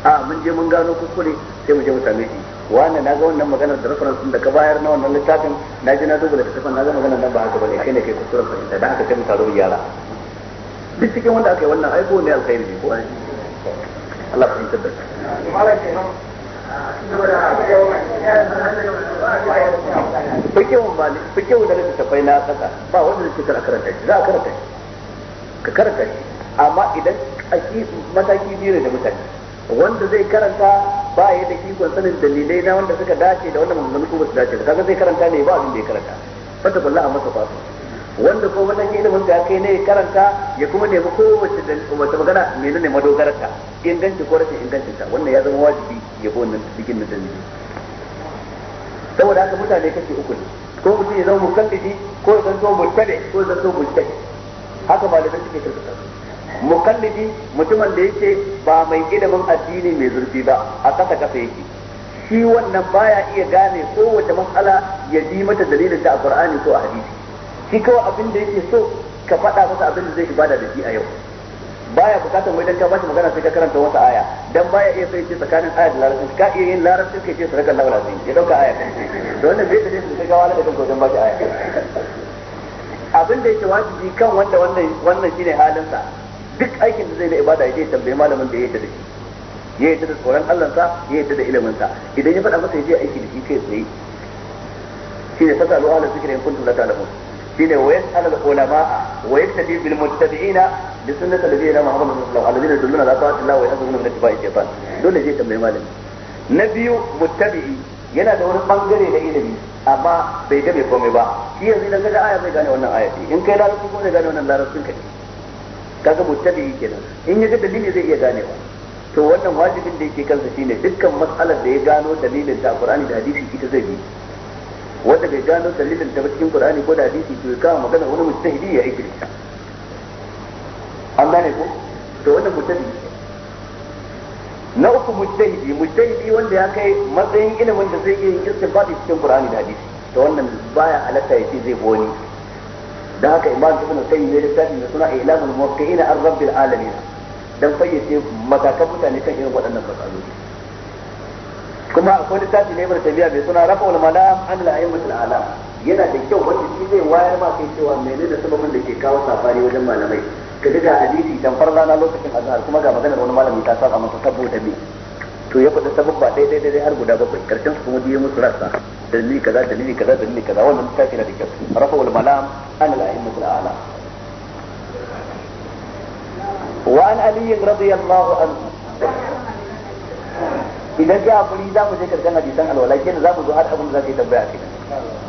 a mun je mun gano kuskure sai mu je mutane shi wanda na ga wannan maganar da reference da ka bayar na wannan littafin na ji na duba da littafin na ga maganar nan ba haka bane kai ne kai kuskuren fahimta da haka kai mu yara duk cikin wanda aka yi wannan aiko ne alkhairi ne ko Allah ya fahimtar da shi fikihun ba fikihun da littattafai na kasa ba wanda zai kar a karanta shi za a karanta shi ka karanta shi amma idan mataki biyu da mutane wanda zai karanta ba ya da kikon sanin dalilai na wanda suka dace da wanda manzon su ba su dace da kaga zai karanta ne ba abin da ya karanta fata balla a masa fasu wanda ko wannan ilimin da kai ne karanta ya kuma nemi ko wace magana menene madogararta inganci ko rashin ingancinta wannan ya zama wajibi ya bo nan, cikin na dalili saboda haka mutane kashi uku ne ko mutum ya zama mukallidi ko ya zanto mutane ko ya zanto mutane haka malamai suke karkata su mukallidi mutumin da yake ba mai ilimin addini mai zurfi ba a kasa kasa yake shi wannan baya iya gane wata matsala ya ji mata dalilin ta a Qur'ani ko a hadisi shi kawai abin da yake so ka faɗa masa abin da zai ibada da shi a yau baya bukatar wai dan ka bashi magana sai ka karanta wata aya dan baya iya sai ce tsakanin aya da larabci ka iya yin larabci kai ce sarakan larabci ya dauka aya to wannan bai da ka ga wala da kanka wajen bashi aya abin da yake wajibi kan wanda wannan wannan shine halin sa duk aikin da zai na ibada ya je tambayi malamin da ya yadda da shi ya yadda da tsoron allansa, ya yadda da ilimin sa idan ya faɗa masa ya je aiki da shi kai tsaye shi ne fasalu ala zikri in kuntum la ta'lamun shi ne wa yas'al al ulama wa yattabi bil muttabi'ina li sunnati nabiyina Muhammad sallallahu alaihi wa sallam alladhina yadulluna ala ta'ati Allah wa yahzuruna min ittiba'i dole je tambayi malami na biyu muttabi'i yana da wani bangare na ilimi amma bai ga mai komai ba shi yanzu idan ka ga aya zai gane wannan aya in kai larabci ko zai gane wannan larabcin ka ne kaga mutabi kenan in ya ga dalili zai iya ganewa to wannan wajibin da yake kansa shine dukkan matsalar da ya gano dalilin ta Qur'ani da hadisi ita zai bi wanda bai gano dalilin ta cikin Qur'ani ko da hadisi to kawo magana wani mujtahidi ya yi ta an gane ko to wannan mutabi na uku mujtahidi mujtahidi wanda ya kai matsayin ilimin da zai iya yin istinbati cikin Qur'ani da hadisi to wannan baya alaka yace zai boni da haka imam ibn qayyim ya littafi da suna ilamul muwaqqi'ina ar rabbil alamin dan fayyace matakan mutane kan irin waɗannan matsaloli kuma akwai littafi ne mai tabiya mai suna rafa'ul malam an al-a'immatul alam yana da kyau wanda shi zai wayar ma kai cewa menene sababin da ke kawo safari wajen malamai ka ga hadisi tamfar rana lokacin azhar kuma ga maganar wani malami ta saka masa saboda me to ya faɗi sababba ɗaya ɗaya ɗaya har guda bakwai karshen su kuma biyu musu rasa dalili kaza dalili kaza dalili kaza wannan littafi na da kyau rafa wal malam an al a'immatul a'la wa an ali radiyallahu anhu idan ya kuli za mu je karshen hadisan alwala kenan za mu zo har abin da za ka yi tambaya kenan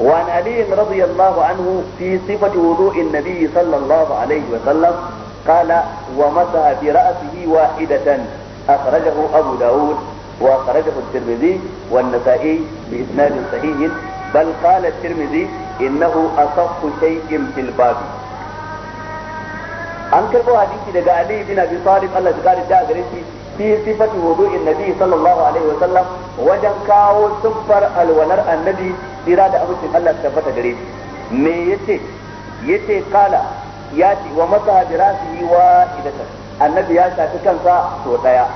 وعن علي رضي الله عنه في sallallahu وضوء wa sallam الله wa وسلم قال ومسح برأسه واحدة أخرجه أبو داود وأخرجه الترمذي والنسائي بإسناد صحيح بل قال الترمذي إنه أصح شيء في الباب an karbo hadisi daga Aliyu bin Abi Talib Allah ya gare shi fi sifati wudu'in nabi sallallahu alaihi wa sallam wajen kawo siffar alwalar annabi tsira da abincin Allah tabbata gare shi me yace yace kala yace wa masaha bi annabi ya shafi kansa so daya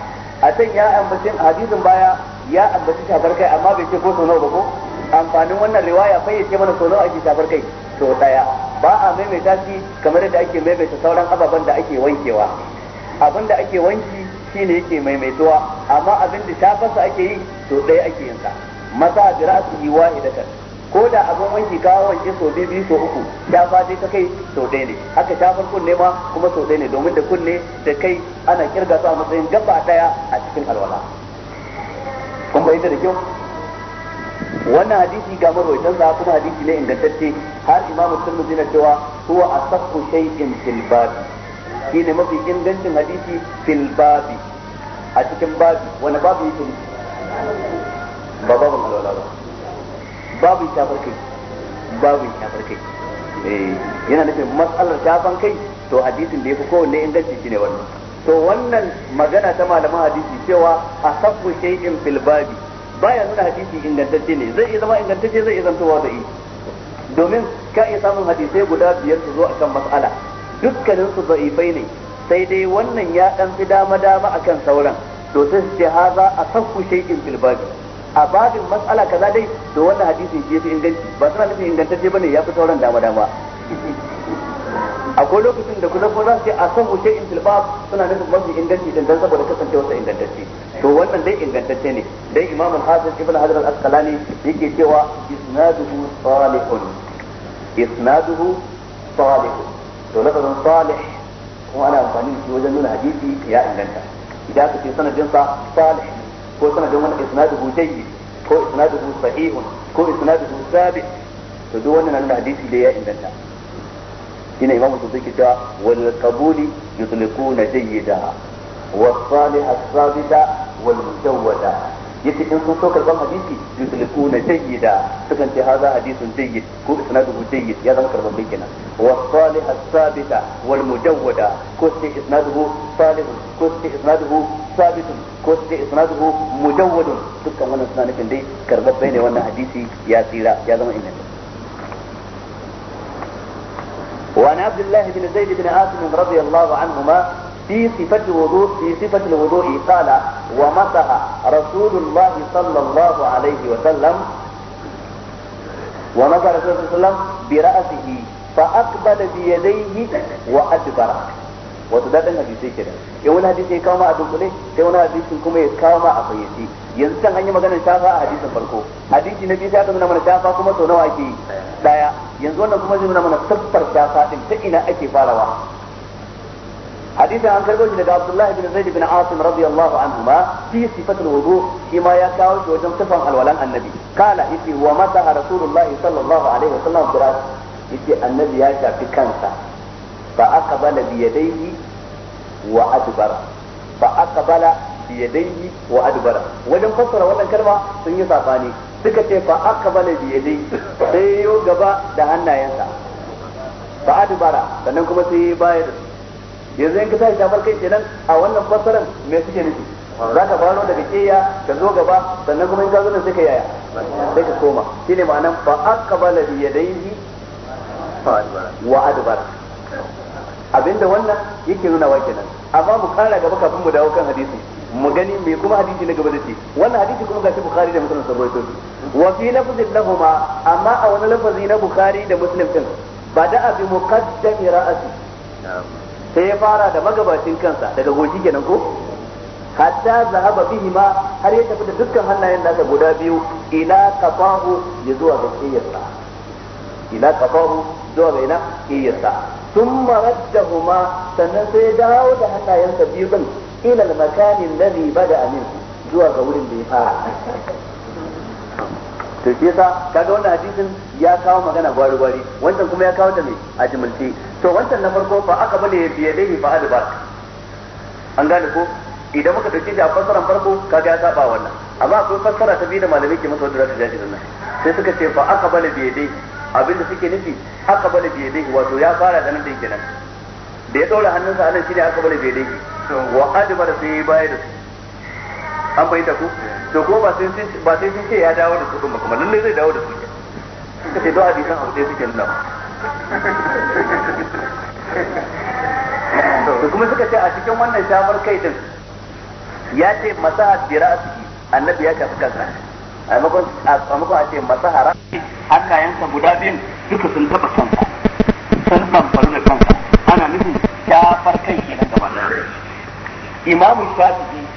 a can ya ambaci hadisin baya ya ambaci shafar kai amma bai ce ko so nawa ba ko amfanin wannan riwaya fayyace mana so nawa ake shafar kai so daya ba a maimaita shi kamar yadda ake maimaita sauran ababen da ake wankewa abin da ake wanki shine yake maimaituwa amma abin da shafarsa ake yi so daya ake yin sa mata bi ra'sihi wahidatan ko da abin wanki ka wanki so biyu biyu so uku shafa dai ta kai so ɗaya ne haka shafar kunne ma kuma so ɗaya ne domin da kunne da kai ana kirga su a matsayin gaba ɗaya a cikin alwala kun bai da kyau wannan hadisi ga marwaitan sa kuma hadisi ne ingantacce har imam tirmidhi na cewa huwa asaqu shay'in fil babi shine mafi ingancin hadisi fil babi a cikin babi wani babi yake ba babun alwala ba babu shafar kai babu shafar kai eh, yana nufin matsalar shafan kai to hadisin da ya fi kowanne inganci ne wannan to wannan magana ta malaman hadisi cewa a sabu shay'in fil babi baya nuna hadisi ingantacce ne zai iya zama ingantacce zai iya zantowa da domin ka iya samun hadisai guda biyar su zo akan mas'ala dukkanin su za'ifai ne sai dai wannan ya dan fi dama dama akan sauran to sai su ce haza a sabu shay'in fil babi a babin matsala kaza dai to wannan hadisin shi yafi inganci ba suna nufin ingantacce bane ya fi sauran dama dama akwai lokacin da kusa ko za su ce a san wuce in tilbab suna nufin mafi inganci din dan saboda kasance wasa ingantacce to wannan dai ingantacce ne dai imamul hasan ibn hajar al-asqalani yake cewa isnaduhu salihun isnaduhu salihun to lafazin salih kuma ana amfani da shi wajen nuna hadisi ya inganta idan ka ce sanadinsa salih ko sanadin wanda isnaduhu jayyid ko isnaduhu sahihun ko isnaduhu sabit to duk wannan hadisi da ya inganta ina imam su suke cewa wal qabuli yutliquna jayyida was salih as-sabita wal mujawwada yace in sun so karban hadisi yuslikuna jayyida sukan ce hadha hadisun jayyid ko isnaduhu jayyid ya zama karban bai kenan wa salih as-sabita wal mujawwada ko sai isnaduhu salih ko sai isnaduhu sabit ko sai isnaduhu mujawwad dukkan wannan suna nufin dai karban bai ne wannan hadisi ya tsira ya zama ingantacce وعن عبد الله بن زيد بن عاصم رضي الله عنهما في صفة الوضوء في صفة الوضوء قال ومسح رسول الله صلى الله عليه وسلم ومسح رسول الله صلى الله عليه وسلم برأسه فأقبل بيديه وأدبر wato daɗin hadisai kenan in wani hadisi ya kawo ma a dunkule sai wani hadisin kuma ya kawo ma a fayyace yanzu can an magana shafa a hadisin farko hadisi na biyu sai aka nuna mana kuma sau nawa ake daya din ta ina ake farawa hadisin an karbo shi daga Abdullah ibn Zaid ibn Asim radiyallahu anhuma fi sifatul ma ya kawo shi wajen sifan alwalan annabi kala yace wa masaha ya shafi kansa fa wajen sun yi suka ce fa sai gaba da hannayensa adbara sannan kuma sai bayar da su yanzu in ka tashi damar kai kenan a wannan fassarar me suke nufi za ka faro daga keya ka zo gaba sannan kuma in ka zo nan sai ka yaya sai ka koma shine ma'anan fa aqbala bi yadayhi wa adbar abinda wannan yake nuna wa kenan amma mu kara gaba kafin mu dawo kan hadisi mu gani me kuma hadisi na gaba da ce wannan hadisi kuma shi bukhari da muslim sun rawaito wa fi lafzin lahuma amma a wani lafazi na bukhari da muslim din bada abi muqaddami ra'asi sai ya fara da magabacin kansa daga goshi kenan ko hatta zahaba bihi ma har ya tafi da dukkan hannayen da aka guda biyu ila qafahu ya zuwa ga kiyarsa ila qafahu zuwa ga ina kiyarsa thumma raddahuma sannan sai ya dawo da hannayensa biyu din ila al-makanin alladhi da min zuwa ga wurin da ya fara to shi yasa kaga wannan hadisin ya kawo magana gwari gwari wancan kuma ya kawo ta mai a jimilce to wancan na farko fa aka bane biye dai fa alba an gane ko idan muka dauke shi a fassarar farko kaga ya saba wannan amma akwai fassara ta biyu da malamai ke masa wadda za ta jaji nan sai suka ce fa aka bane biye dai abinda suke nufi aka bane biye dai wato ya fara da nan din da ya daura hannunsa a nan shine aka bane biye dai wa da sai ya bayar da su an bayyana ku to ko ba sai ba sai sun ce ya dawo da su kuma kuma lalle zai dawo da su ke suka ce du'a bisan abu sai suke nuna to kuma suka ce a cikin wannan shafar kai din ya ce masa dirasi annabi ya tafi kansa a makon a makon a ce masa harafi hannayensa guda biyun duka sun taba kansa sun ɗanfaru da kansa ana nufin shafar kai kenan gaba imamu shafi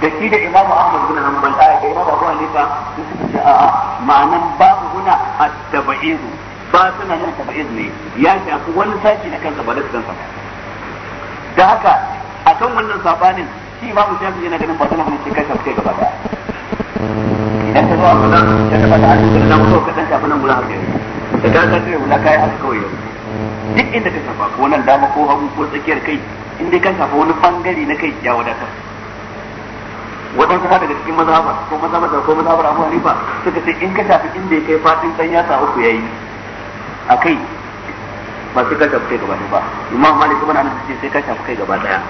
da shi da imamu ahmad bin hanbal a da imamu abu hanifa sun suka ce a'a ma'anan babu guna a tabaizu ba suna nan taba'izu ne ya ce shafi wani sashi na kansa ba da kansa da haka kan wannan sabanin shi imamu shafi yana ganin ba suna mun ce kashe kai gaba daya idan ka zo a kula da ka fata an da nan ko ka dan shafi nan gurin hakuri da ka san cewa kai aka kawai duk inda ka shafa ko nan dama ko hagu ko tsakiyar kai in dai ka shafa wani bangare na kai ya wadatar waɗansu haka da cikin mazhabar ko mazhabar da ko mazhabar Abu Hanifa suka ce in ka shafi inda ya kai fatin dan yasa uku yayi kai ba su ka shafi kai gaba ba Imam Malik ibn Anas ce sai ka shafi kai gaba daya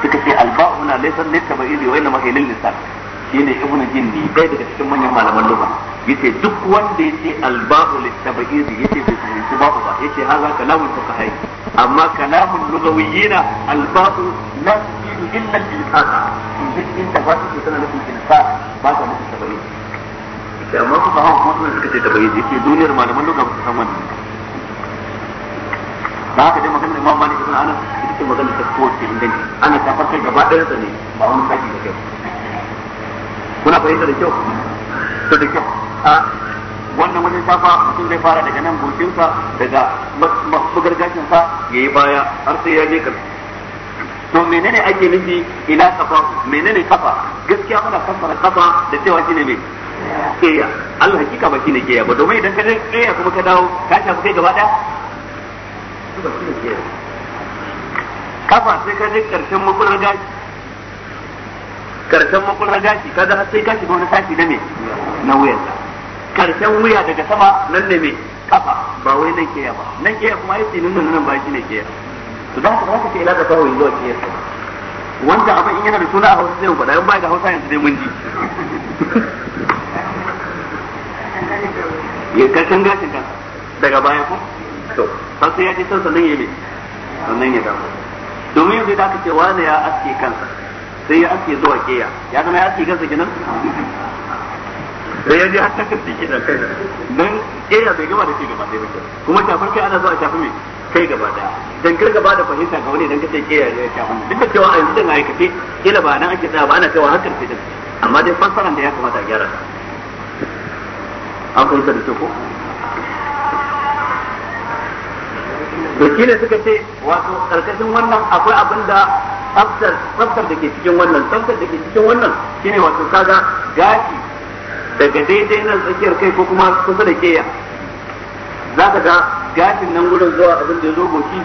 suka ce alba'u na laysa laysa ba'idi wa inna ma hilal lisan shine ibn Jindi bai daga cikin manyan malaman lugha yace duk wanda yace alba'u litabaizi yace bai fahimci ba'u ba yace haza kalamun fuqaha amma kalamun lugawiyina alba'u la illa al-ilhaqa duk inda ba su tana nufin ilfa ba ta nufin tabayi sai amma kuma hawa kuma suna suka ce tabayi yake duniyar malaman duka su san wannan ba haka dai maganar imam malik ibn anas ita ce maganar ta kowace inganci ana ta farkai gaba ɗaya sa ne ba wani saki da kyau kuna fahimta da kyau to da kyau a wannan wajen shafa mutum zai fara daga nan goshinsa daga magargashinsa ya yi baya har sai ya je karfi to menene ake nufi ila kafa menene kafa gaskiya muna kafara kafa da cewa shine ne keya Allah hakika ba shine keya ba domin idan ka je keya kuma ka dawo ka shafi kai gaba daya ba shine keya kafa sai ka je karshen makular gashi karshen makular gashi ka har sai ka shiga wani sashi na me na wuyan karshen wuya daga sama nan ne me kafa ba wai nan keya ba nan keya kuma yace nan nan ba shine keya to da haka haka ce ila da sahu zuwa ke yasa wanda abin in yana da suna a hausa sai mu faɗa in ba da hausa yanzu dai mun ji (laughs) ya kashin gashin kan daga baya ko to har sai ya ce san sannan ya ne sannan ya dawo domin yanzu da aka ce wani ya aske kansa sai ya aske zuwa keya ya zama ya aske kansa kenan da ya je har takar ciki da kai dan iya bai gama da shi gaba ɗaya ba kuma shafar kai ana zuwa shafi mai kai gaba ɗaya dan kar gaba da fahimta ga wani dan kace iya ya shafi duk da cewa a yanzu dan aikace kila ba nan ake tsaya ba ana kaiwa har karfe din amma dai fassaran da ya kamata a gyara an fahimta da shi ko to shi ne suka ce wato karkashin wannan akwai abin da tsaftar da ke cikin wannan tsaftar da ke cikin wannan shine wato kaga gashi daga daidai nan tsakiyar kai ko kuma kusa da keya za ka ga gashin nan gudun zuwa abin da ya zo goshi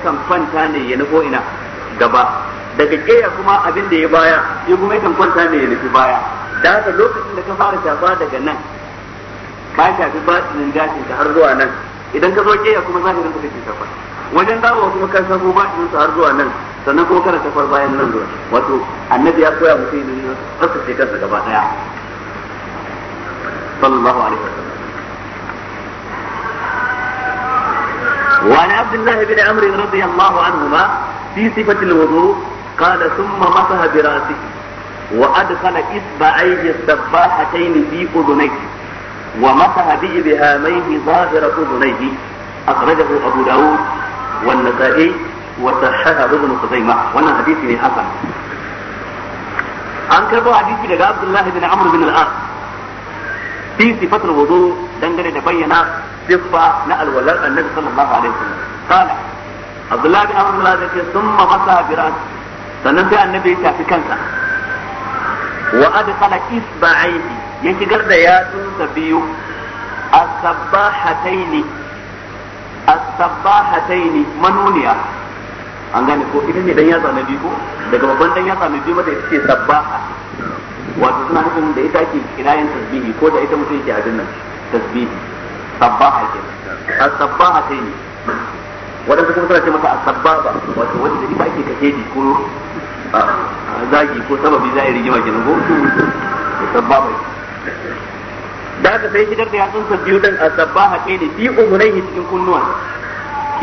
kan kwanta ne ya nufo ina gaba daga keya kuma abin da ya baya ya kuma kan kwanta ne ya nufi baya da haka lokacin da ka fara shafa daga nan ka shafi batinin gashin ka har zuwa nan idan ka zo keya kuma za ka kake shafa wajen dawowa kuma ka shafo batinin su har zuwa nan sannan kuma kana shafar bayan nan zuwa wato annabi ya koya mutum yin tsaftace kansa gaba daya صلى الله عليه وسلم وعن عبد الله بن عمرو رضي الله عنهما في صفة الوضوء قال ثم مسح براسه وأدخل إصبعيه السباحتين في أذنيه ومسح بإبهاميه ظاهر أذنيه أخرجه أبو داود والنسائي وصححه ابن خزيمة وانا حديث حسن عن حديثي لعبد عبد الله بن عمرو بن العاص fi sifatul wudu dangane da bayyana siffa na alwalar annabi sallallahu alaihi wasallam kana abdullahi bin da ke summa masa bi sai annabi ya tafi kansa wa adqala ya shigar da yatsunsa biyu as manuniya an gane ko idan ne dan babban dan na biyu mata wato suna nufin da ita ke kirayen tasbihi ko da ita mutum ke a nan tasbihi sabbaha ke as-sabbaha sai ne waɗanda kuma suna ce mata as-sabbaba wato wanda da ita ake kashe ko zagi ko sababi za a yi rigima kenan ko sabbaba da aka sai shigar da yatsun sa biyu dan as-sabaha kai ne bi umraihi cikin kunnuwan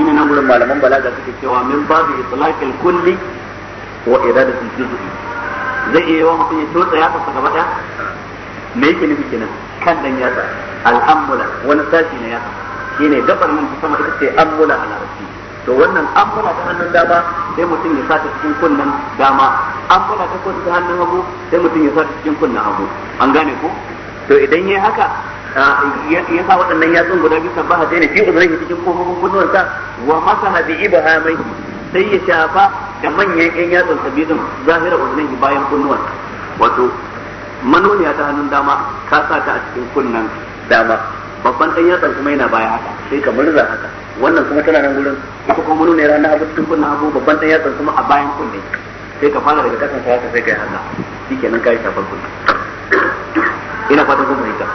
ne nan gurin malaman balaga suke cewa min babu itlaqil kulli wa iradatul juz'i zai iya yawa mutum ya tsotsa ya fasa gaba ɗaya me yake nufi kenan kan dan yatsa al'amula wani sashi na yatsa ne gabar nan sama ita ce amula a larabci to wannan amula ta hannun dama sai mutum ya sata cikin kunnen dama amula ta kunta ta hannun hagu sai mutum ya sata cikin kunnen hagu an gane ko to idan yayi haka ya sa waɗannan yatsun guda biyu sabbaha sai ne fi uzurai cikin kofofin kunnuwansa wa masaha bi ibrahim. sai ya shafa da manyan yan yatsun sabidin zahira wannan bayan kunnuwan wato manoniya ta hannun dama ka sa ta a cikin kunnan dama babban ɗan yatsan kuma yana baya haka sai ka murza haka wannan kuma tana nan gurin ita kuma manoniyar na abu cikin kunnan abu babban ɗan yatsan kuma a bayan kunne sai ka fara daga kasan sa sai ka yi haka shikenan kai ka yi shafar kunne ina fatan kun fahimta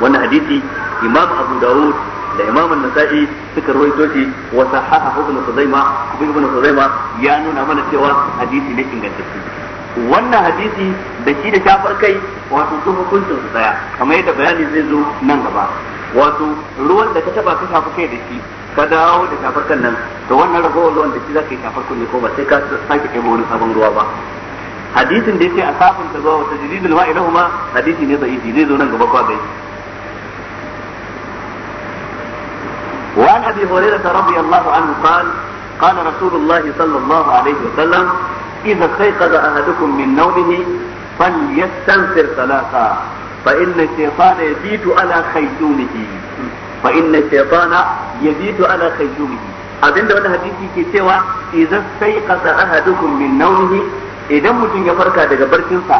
wannan hadisi imam abu dawud da imam an-nasa'i suka rawaito shi wa sahahahu ibn khuzaima ibn khuzaima ya nuna mana cewa hadisi ne ingantacce wannan hadisi da shi da shafar kai wato su hukuncin su daya kamar yadda bayani zai zo nan gaba wato ruwan da ka taba ka shafa kai da shi ka dawo da shafar kan nan to wannan ragowar ruwan da shi zaka yi shafar kunne ko ba sai ka sake kai wani sabon ruwa ba hadisin da yake a safin ta zuwa wata jididul ma'ilahuma hadisi ne da'ifi zai zo nan gaba kwa bai أبي هريرة رضي الله عنه قال قال رسول الله صلى الله عليه وسلم إذا استيقظ أحدكم من نومه فليستنفر ثلاثا فإن الشيطان يبيت على خيزومه فإن الشيطان يبيت على خيزومه abinda wani hadisi ke cewa idan sai kasa ahadukum min اذا idan mutum ya farka daga barcinsa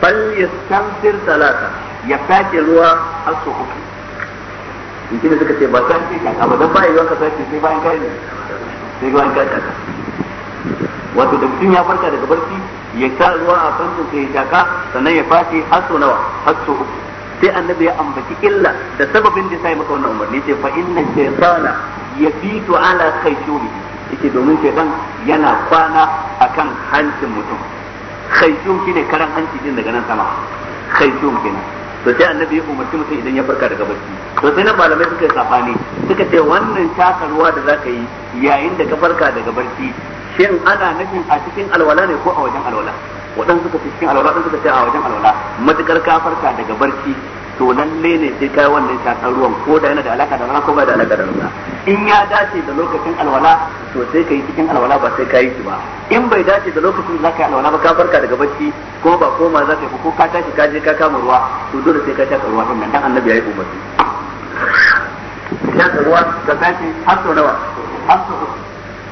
fal yastansir salata ya ruwa har uku shi ne suka ce ba ta ce abu dan ba yiwa ka sace sai bayan kai ne sai bayan kai ka wato da mutum ya farka daga barci ya sha ruwa a fancin sai ya shaka sannan ya fashe har so nawa har so uku sai annabi ya ambaci illa da sababin da sai maka wannan umarni sai fa inna shaytana yafitu ala khayshumi yake domin shaytan yana kwana akan hancin mutum khayshum ne karan hanci din daga nan sama khayshum kenan to sai annabi ya umarci mutum idan ya farka daga bacci to sai na malamai suka yi safani suka ce wannan taka ruwa da ka yi yayin da ka farka daga barci shin ana nufin a cikin alwala ne ko a wajen alwala waɗansu suka cikin alwala ɗan suka ce a wajen alwala matukar ka farka daga barci to lalle ne sai kai wannan shakar ruwan ko da yana da alaka da rana ko ba da alaka da rana in ya dace da lokacin alwala to sai kai cikin alwala ba sai kai shi ba in bai dace da lokacin da zaka yi alwala ba ka farka daga bacci ko ba koma zaka yi ko ka tashi ka je ka kama ruwa to dole sai ka shaka ruwa din nan dan annabi yayi umarni shaka ruwa ka tashi har sau nawa har sau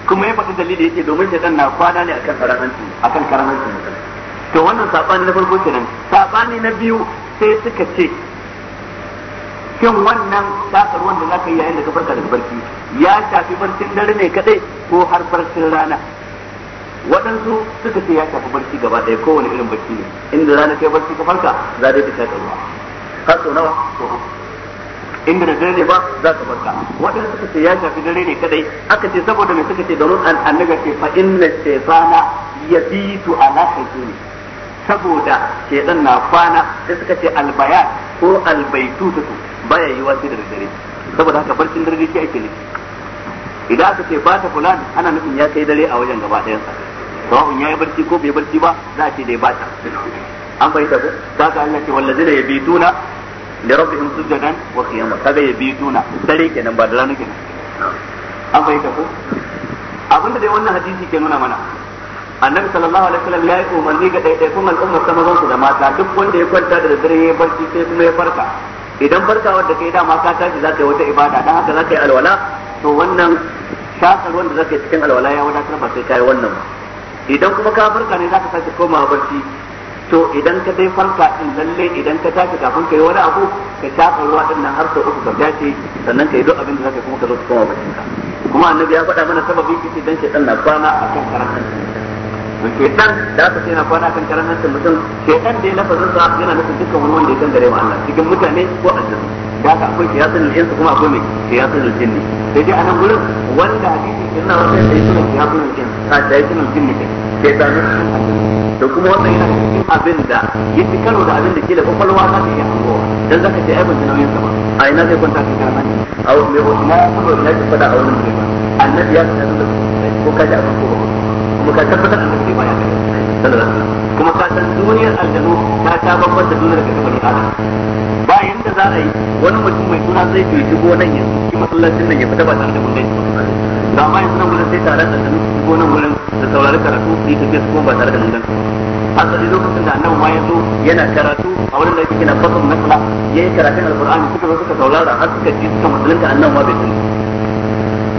kuma ya faɗi dalili yake domin shaitan na kwana ne akan karamanci akan karamanci to wannan sabani na farko kenan sabani na biyu sai suka ce shin wannan kasar wanda za ka yi yayin da ka farka daga barci ya shafi barcin dare ne kadai ko har barcin rana waɗansu suka ce ya shafi barci gaba ɗaya kowane irin barci ne inda rana kai barci ka farka za dai ka sha ruwa har sau nawa inda da dare ne ba za ka farka waɗansu suka ce ya shafi dare ne kadai aka ce saboda me suka ce domin annaga ce fa inna shaytana yabitu ala khayri saboda shedan na kwana sai suka ce albayat ko albaytutu baya yi sai da dare saboda haka farkin dare shi ake nufi idan aka ce bata fulan ana nufin ya kai dare a wajen gaba ɗayan sa ya yayi barci ko bai barci ba za a ce dai bata an bai ta ba ka Allah ce wallazina yabituna li rabbihim sujadan wa qiyama kaga yabituna dare kenan ba da rana kenan an bai ta ko abinda dai wannan hadisi ke nuna mana annabi sallallahu alaihi wasallam ya yi umarni ga kuma al'ummar ta mazan su da mata duk wanda ya kwanta da dare ya barci sai kuma ya farka idan farkawar da kai dama ka tashi za ka yi wata ibada dan haka za ka yi alwala to wannan shakar wanda za ka yi cikin alwala ya wadatar ba sai ka yi wannan ba idan kuma ka farka ne za ka sake komawa barci to idan ka dai farka din lalle idan ka tashi kafin ka yi wani abu ka shafa ruwa din nan har sau uku ka tashi sannan ka yi duk abin da zaka kuma ka zo ka koma barci kuma annabi ya faɗa mana sababi kici dan shedan na kwana akan karatun to ce dan da aka ce yana kwana kan karamin mutum ke dan da ya lafazin sa yana nufin dukkan wani wanda ya san gare ma Allah cikin mutane ko aljanna da haka akwai kiyasun jinsu kuma akwai mai kiyasun jinni sai dai anan gurin wanda hadisi ke nuna wata da yake kiyasun jinsu a da ya yake jinni ke sai da ne da kuma wannan yana cikin abin da yake karo da abin da ke da kwakwalwa za ta iya hangowa dan zaka ce ai ban sama. sa ba a ina zai kwanta kan karamin a mai wasu ma kuma ina ji fada a wurin ba annabi ya sanar da ko kaji abin ko ba kuma ka tabbatar ta da kuma ka san duniyar aljanu ta ta babbar da duniyar ka ba yanda za a yi wani mutum mai suna zai ke shigo nan ya ci masallacin nan ya fita ba tare da mun gaisa ba amma yanzu nan gurin sai taron aljanu su shigo nan gurin da saurari karatu su yi tafiya su ba tare da asali lokacin da annabi ma yana karatu a wurin da yake fasal yayi karatun alqur'ani suka zo suka saurara har suka ji suka musulunta annabi ma bai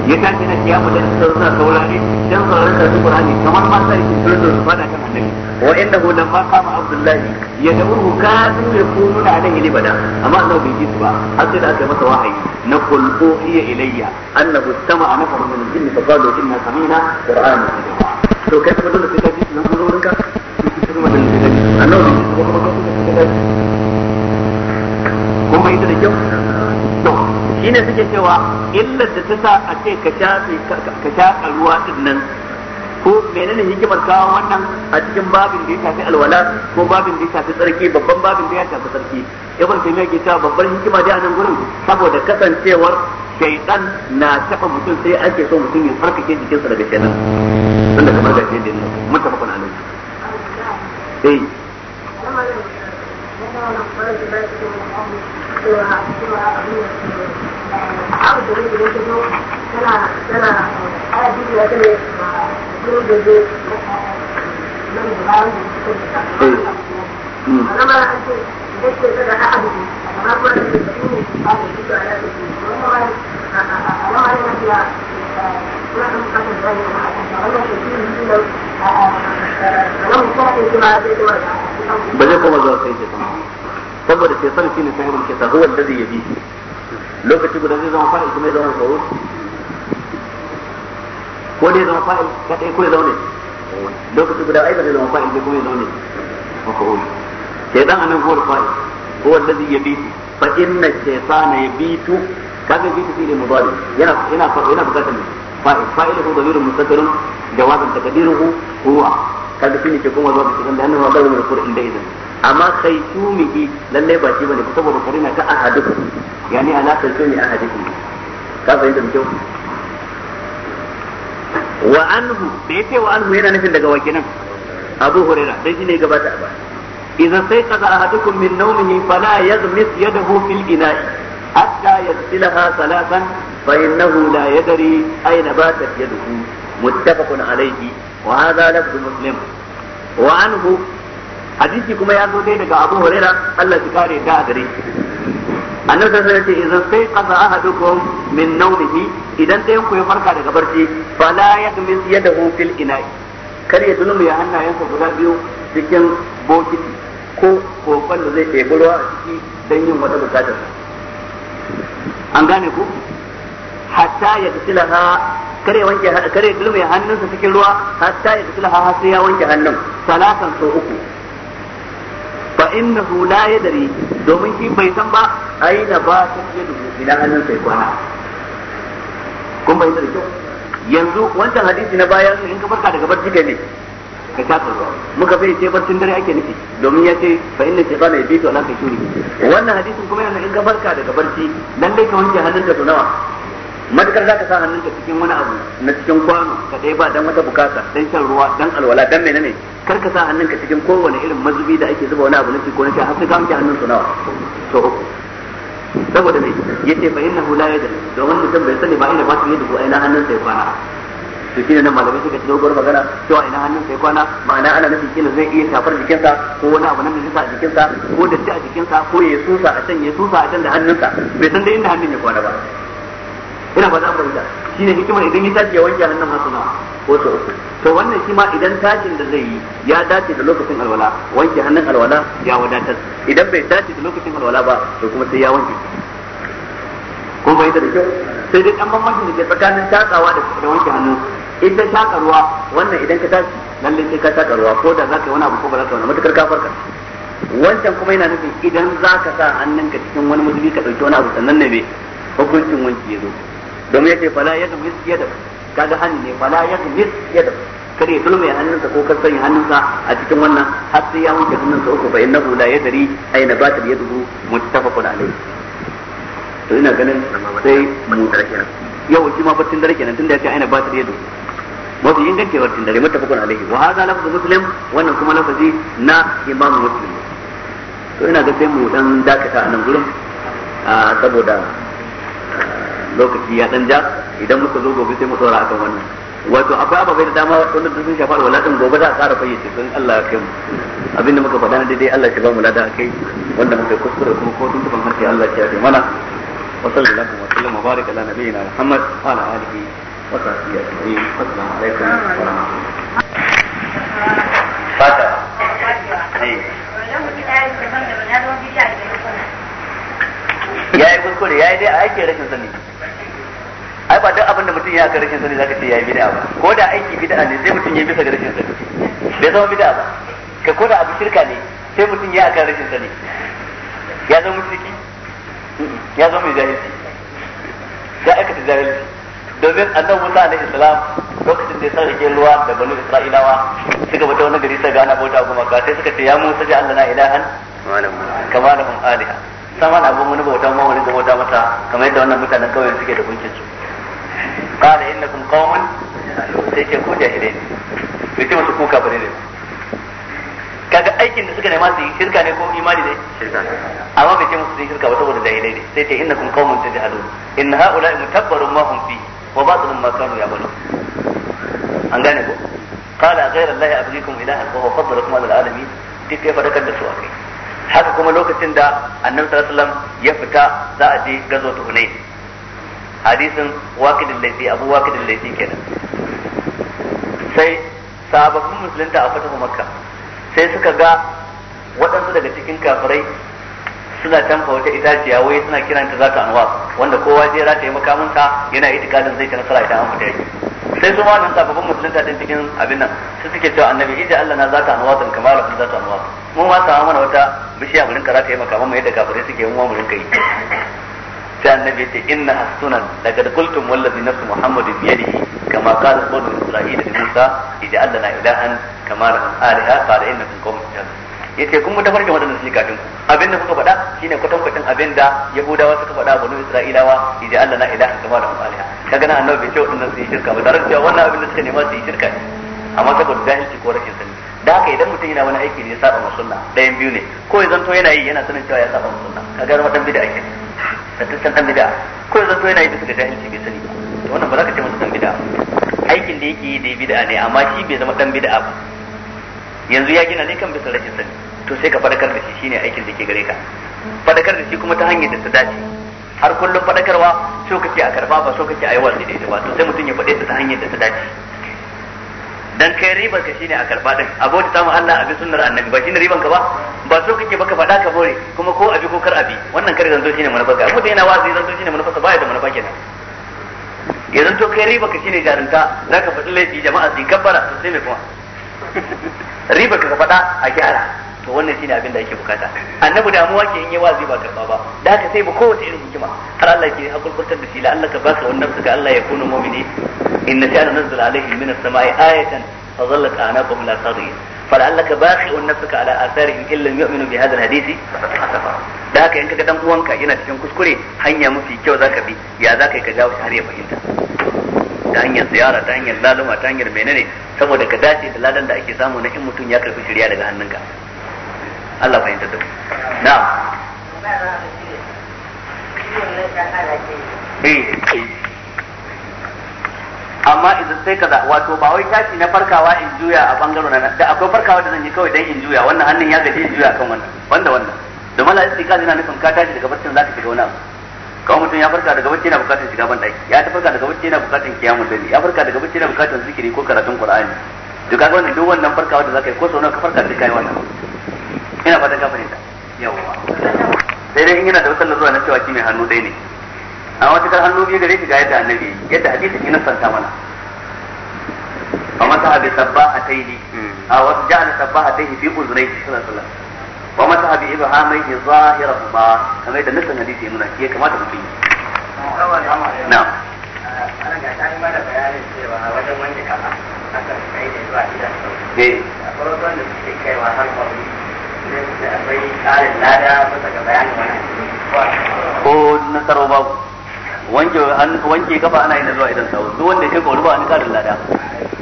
ya tashi na kiyamu da suka suna saurare dan saurare ka su Qur'ani kamar ma sai ki tsoro su fada kan annabi wa innahu ma qama Abdullahi ya da'uhu kadu yakununa alaihi libada amma Allah bai ji su ba har sai da aka masa wahayi na qul uhiya ilayya annahu istama'a nafar min al-jinn fa qalu inna sami'na Qur'ana to kai kuma dole sai ka ji su nan wurinka annabi bai kuma ka ji shine suke cewa illar da ta sa a ce ka sha ka ruwa din nan ko menene hikimar kawo wannan a cikin babin da ya shafi alwala ko babin da ya shafi tsarki babban babin da ya shafi tsarki ibn taymiya ke cewa babban hikima da nan gurin saboda kasancewar shaytan na taba mutum sai ake so mutum ya tsarkake jikinsa daga shaytan tunda kamar da shaytan mutafaqun eh كان قريش بس عرض من يجنو سنة سنة هذه يجري جنود البيت من غالب فلما أنت جئت بدأ أحدهم ما كنت تسمعني قال جئت على اسمي وإنما أنا أنا فيها نحن قد نتغير معكم فأنا شكيل فينا ولم تأتي كما أتيت معكم ba zai koma zuwa sai shaitan saboda shaitan shine sahibul kita huwa alladhi yabi lokaci guda zai zama fa'il kuma ya zama maf'ul ko dai zama fa'il kadai ko ya zaune lokaci guda ai ba zai zama fa'il kuma ya zaune maf'ul shaitan anan huwa fa'il huwa alladhi yabi fa inna shaytana yabitu kaga yabitu fi mudari yana yana yana bukatar fa'il fa'iluhu dhamirun mustaqirun jawazan taqdiruhu huwa kaga shine ke koma zuwa ga kidan da annabi ma gaba mai kur idan amma kai tumihi lalle ba shi bane saboda ta ahadukum yani kai ka fahimta da kyau wa anhu da yace wa anhu yana nufin daga wakinan abu huraira dai shine gabata ba idan sai kaza ahadukum min nawmihi fala yaghmis yadahu fil ina'i hatta yasilaha salatan fa innahu la yadri ayna batat yaduhu muttafaqun alayhi wa hadha lafzu muslim wa anhu hadisi kuma ya zo dai daga Abu Hurairah Allah ya kare a gare shi annabi sallallahu alaihi wasallam a sai qasa ahadukum min nawmihi idan ta ku ya farka daga barci fala yakmis yadahu fil ina'i kar ya dunmu ya hannayensa guda biyu cikin bokiti ko kokon da zai ɗebi ruwa a ciki don yin wata bukatar an gane ku hatta ya tilaha kare wanke kare dulme hannunsa cikin ruwa hatta ya tilaha har sai ya wanke hannun salatan so uku fa innahu la yadri domin shi bai san ba aina ba ta ke dubu ina hannun sai kwana kun bai da kyau yanzu wancan hadisi na baya in ka farka daga barci da ne ka shafa ruwa muka bai ce barcin dare ake nufi domin ya ce fa inna shaytana yabitu ala shuri. wannan hadisin kuma yana in ka farka daga barci dan dai ka wanke hannunka to nawa matukar za ka sa hannunka cikin wani abu na cikin kwano ka ɗaya ba dan wata bukata dan shan ruwa dan alwala dan nane kar ka sa hannunka cikin kowane irin mazubi da ake zuba wani abu na cikin na sha har sai ka hannun su nawa so uku saboda me yace fa innahu la yadri domin mutum bai sani ba ina ba su yadda ko aina hannun sai kwana to shine nan malamai suka ci dogon magana cewa ina hannun sai kwana ma'ana ana nufin kina zai iya shafar jikinsa ko wani abu na najisa a jikinsa ko datti a jikinsa ko ya susa a can ya susa a can da hannunsa bai san da inda hannun ya kwana ba ina ba za mu fahimta shine hikimar idan ya tashi ya wanke hannun hasu nawa ko sau uku to wannan shi ma idan tashin da zai yi ya dace da lokacin alwala wanke hannun alwala ya wadatar idan bai dace da lokacin alwala ba to kuma sai ya wanke ko bai da kyau sai dai an bambanci da ke tsakanin tatsawa da wanke hannu ita shaka ruwa wannan idan ka tashi lalle sai ka shaka ruwa ko da za ka yi wani abu ko ba za ka yi wani matukar ka farka wancan kuma yana nufin idan za ka sa hannunka cikin wani musulmi ka dauki wani abu sannan ne hukuncin wanki ya zo domin yake fala ya da kaga hannu ne fala zumi ya kada ya dulme hannunsa ko kan sanya hannunsa a cikin wannan har sai ya wanke hannunsa uku fa nahu la yadri ayna batil yaduhu muttafaqun alayh to ina ganin sai mu yau shi ma battin dare kenan tunda yace ayna batil yaduhu mafi ingancewar tun dare muttafaqun alayhi wa hadha lafzu muslim wannan kuma lafazi na imam muslim to ina ga sai mu dan dakata a nan gurin saboda lokaci ya dan ja idan muka zo gobe sai mu tsora akan wannan wato akwai ababai da dama wanda sun shafa alwala din gobe za a ƙara fayyace sun Allah ya kai mu abinda muka faɗa na daidai Allah ya ba mu lada kai wanda muka kuskure kuma ko tun tuban harshe Allah ya kai mana wa sallallahu wa sallam wa baraka ala nabiyyina Muhammad wa ala alihi wa sahbihi ajma'in assalamu alaikum wa rahmatullahi fata eh. ya yi kuskure ya yi dai a ake rashin sani ai ba duk abin da mutum ya ga rashin sani zaka ce yayi bid'a ba ko da aiki bid'a ne sai mutum ya bisa ga rashin sani bai zama bid'a ba ka ko da abu shirka ne sai mutum ya akan rashin sani ya zama mushriki ya zama mai jahilci ya aikata jahilci domin annabi Musa alaihi salam lokacin da ya sarrafe ruwa da banu Isra'ilawa suka bata wani gari ga gana bauta gumaka sai suka ce ya Musa ji Allah na ilahan kama da hum aliha sama na abun wani bauta ma wani bauta mata kamar yadda wannan mutanen kawai suke da bunkin su kun kawo qauman sai ce ku jahilai ne bai ce kuka bane ne kaga aikin da suka nema su yi shirka ne ko imani ne shirka amma bai ce musu su yi shirka ba saboda jahilai ne sai ce innakum qaumun tajhalun in haula'i mutabbarun ma hum fi wa batilun ma kanu ya'malun an gane ko qala ghayra allahi abghikum ilahan wa huwa faddalakum ala alamin duk ya faɗa da su akai haka kuma lokacin da annabi sallallahu alaihi wasallam ya fita za a je gazo ta hunayn hadisin waqidul laifi abu waqidul laifi kenan sai sababbin musulunta a fatahu makka sai suka ga waɗansu daga cikin kafirai suna canfa wata itaciya wai suna kiranta za ta anwa wanda kowa zai rata yi makamunta yana itikadin zai ta nasara idan an fita yake sai su wannan sababbin musulunta din cikin abin nan su suke cewa annabi ija Allah na za ta anwa tun kamar kun za ta anwa mu ma samu mana wata bishiya mu rinka rata yi makamun mai yadda kafirai suke mu ma mu rinka yi sai annabi ya ce inna hasunan laqad qultum wallazi nafsu muhammadin bi yadihi kama qala qawlu isra'ila li musa ij'al lana ilahan kama lahum alaha qala innakum qawmun tajhalun yace kun mutafar da wadannan shi kafin ku abin da kuka faɗa shine kwatan kwatan abin da yahudawa suka faɗa banu isra'ilawa ij'al lana ilahan kama lahum alaha kaga nan annabi bai ce wadannan su yi shirka ba tare da cewa wannan abin da suka nema su shirka ne amma saboda jahilci ko rashin sani da haka idan mutum yana wani aiki ne ya saba ma sunna ɗayan biyu ne ko ya zanto yana yi yana sanin cewa ya saba ma kaga wani bid'a kenan tattaccen dan bid'a ko zan yana yi bisa ga jahilci bai sani ba wannan ba za ka ce masa dan bid'a aikin da yake yi da bid'a ne amma shi bai zama dan bid'a ba yanzu ya gina ne kan bisa rashin sani to sai ka fadakar da shi shine aikin da ke gare ka fadakar da shi kuma ta hanyar da ta dace har kullum fadakarwa so kake a karba ba so kake a yi watsi da ita ba to sai mutum ya fade ta hanyar da ta dace dan kai ribar ka shine a karba din abota ta Allah abi sunnar annabi ba shine riban ka ba ba so kake baka fada ka bore kuma ko abi ko kar abi wannan kar zanzo shine manufarka amma da yana wazi zanzo shine ba ya da manufa kenan ya zanto kai riba ka shine jarinta zaka fadi laifi jama'a din kabbara to sai me kuma (laughs) riba ka fada a gyara to wannan shine abin da ake bukata annabi damuwa ke in yi wazi ba karba ba da haka sai ba kowace irin hikima har Allah ke hakurkurtar da shi la Allah ka baka wannan suka Allah ya kunu mu'mini inna ta'ala nazzala alaihi min as-sama'i ayatan fa dhallat a'naquhum la tadri فلعلك باخع نفسك على اثارهم ان لم يؤمنوا بهذا الحديث اسفا da haka in kaga dan uwanka yana cikin kuskure hanya mafi kyau zaka bi ya zaka ka jawo har ya fahimta ta hanyar ziyara ta hanyar laluma ta hanyar menene saboda ka dace da ladan da ake samu na in mutum ya karbi shirya daga hannunka Allah fahimtar da na'am eh, amma idan sai kaza wato ba wai tashi na farkawa in juya a bangaren na da akwai farkawa da zan yi kawai dan in juya wannan hannun ya gaji in juya kan wannan banda wannan domin la istiqaz yana nufin ka tashi daga barcin zaka shiga wani abu kawai mutum ya farka daga bacci yana bukatar shiga ban daki ya ta farka daga bacci yana bukatar kiyamun dani ya farka daga bacci yana bukatar zikiri ko karatun qur'ani duk kaga wannan duk wannan farkawa da zaka yi ko sau nawa ka farka da kai wannan ina fatan ka fahimta yawwa sai dai in yana da wasan zuwa na cewa shi mai hannu dai ne a wata kar hannu biyu gare shi gaya yadda annabi yadda hadisi na santa mana ومسح بسباحتيه أو جعل سباحتيه في أذنيه صلى الله عليه وسلم ومسح بإبهاميه ظاهرهما كما يدل نفس الحديث من هي كما تبين نعم Eh. ko na tsaro babu wanke gaba ana yin zuwa idan sawo duk wanda ya kai ba an karin lada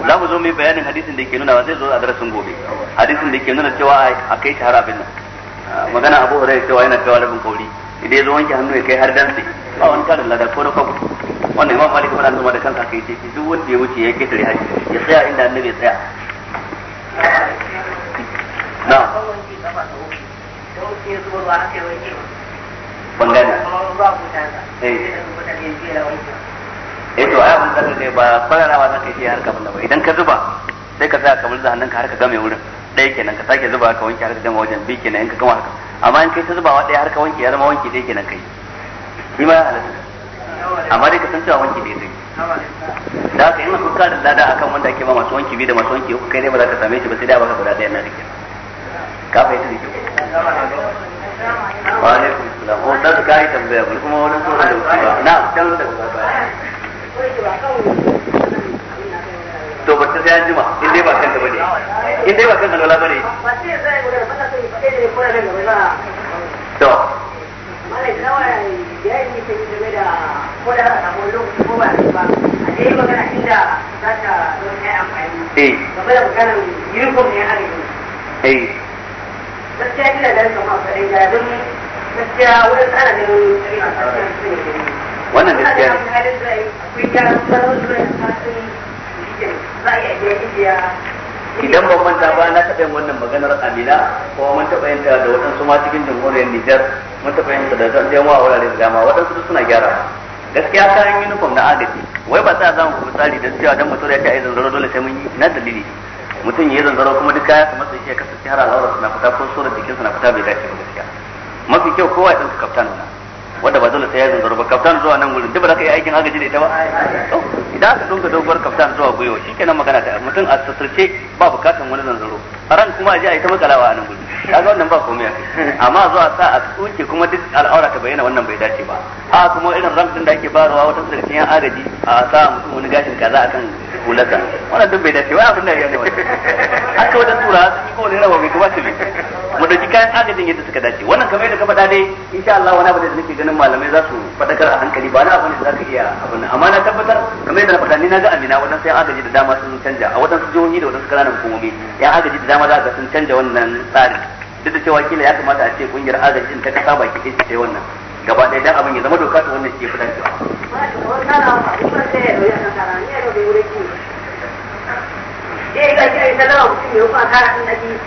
za mu zo mu bayanin hadisin da ke nuna zai zo a darasin gobe hadisin da ke nuna cewa a kai shahara abin nan magana abu hurairah cewa yana cewa rabin kauri idan ya zo wanke hannu ya kai har dantse ba wani karin lada ko na kwabo wannan imam malik ibn annabi da kansa kai duk wanda ya wuce ya haji ya tsaya inda annabi ya tsaya na'am ban gane eh. eh to ne ba fararawa yi ba idan ka zuba sai ka sa kamar game wurin ɗaya kenan ka sake zuba ka wanke gama wajen biyu kenan in ka gama amma in kai ta zubawa ɗaya wanke ya zama wanke ɗaya kenan kai shi ma ya amma dai ka san cewa wanke ɗaya sai da haka da lada akan wanda ake ba masu biyu da masu uku kai ne ba za ka same shi ba sai da baka guda ɗaya na ka fahimta da kyau wa alaikum salam ko oh, ka yi tambaya kuma wani ko da ba na da to ba ta sai anjima in dai ba kan da bane in dai ba kan bane to Eh. gaskiya ina da su masu rinja don gaskiya wurin tsara da yin shari'a a cikin su ne gari wannan gaskiya ne akwai gyaran tsaron da ya fasin za a iya iya idan ban manta ba na taɓa yin wannan maganar amina ko mun taɓa yin da waɗansu ma cikin jamhuriyar nijar mun taɓa yin da zan jama a wurare da dama waɗansu suna gyara gaskiya kayan yunifom na agaji wai ba sa za mu tsari da cewa dan mutum ya ta aizin zaro dole sai mun yi na dalili mutum ya zanzaro kuma duk kaya kamar sai ya kasance har al'aurar na fita ko sura jikinsa na fita bai dace ba gaskiya mafi kyau kowa ya ɗauka kaftan na wanda ba dole sai ya zanzaro ba kaftan zuwa nan gurin duk ba za ka yi aikin agaji da ita ba idan aka dunka dogon kaftan zuwa gwiwa kenan magana ta mutum a sassarce ba bukatan wani zanzaro ran kuma a je a yi ta makalawa a nan gudu ga wannan ba komai amma zuwa sa a tsuke kuma duk al'aura ta bayyana wannan bai dace ba a kuma irin ran din da ake barawa wata daga cikin agaji a sa mutum wani gashin kaza akan hulata wannan duk bai dace ba abin da ya ne wannan haka wajen tura sun yi kowane rawa mai kuma ce mu dauki kayan agajin yadda suka dace wannan kamar yadda ka faɗa dai insha Allah wani abu da nake ganin malamai za su faɗakar a hankali ba na abu ne za ka iya abin amma na tabbatar kamar yadda na faɗa ni na ga amina wannan sai agaji da dama sun canja a wadansu jihohi da wadansu kananan hukumomi ya agaji da dama za ka sun canja wannan tsari duk da cewa kila ya kamata a ce kungiyar agajin ta kasa baki ɗin ta wannan gaba ɗaya dan abin ya zama doka ta wannan ke fitar da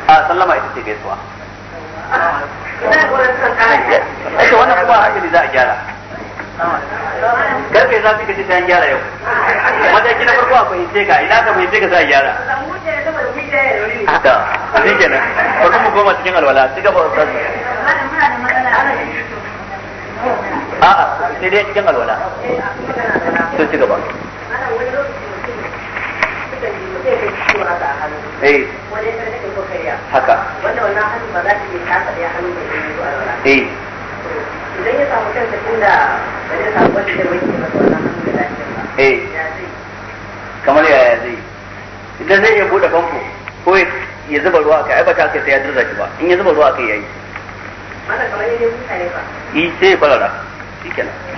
a sallama ita ce gaisuwa ake wannan kuma hankali za a gyara karfe za su kace ta gyara yau mataki na farko a fahimce ka idan ka fahimce ka za a gyara haka shi kenan farko mu koma cikin alwala ci gaba da a'a sai dai cikin alwala to ci gaba eh haka wanda wannan hannu ba za zai kamar yaya zai idan zai iya bude famfo ko ya zuba ruwa kai ba ta kai sai ya dirza shi ba in ya zuba ruwa kai yayi mana kamar yadda ne ba eh sai ya shikenan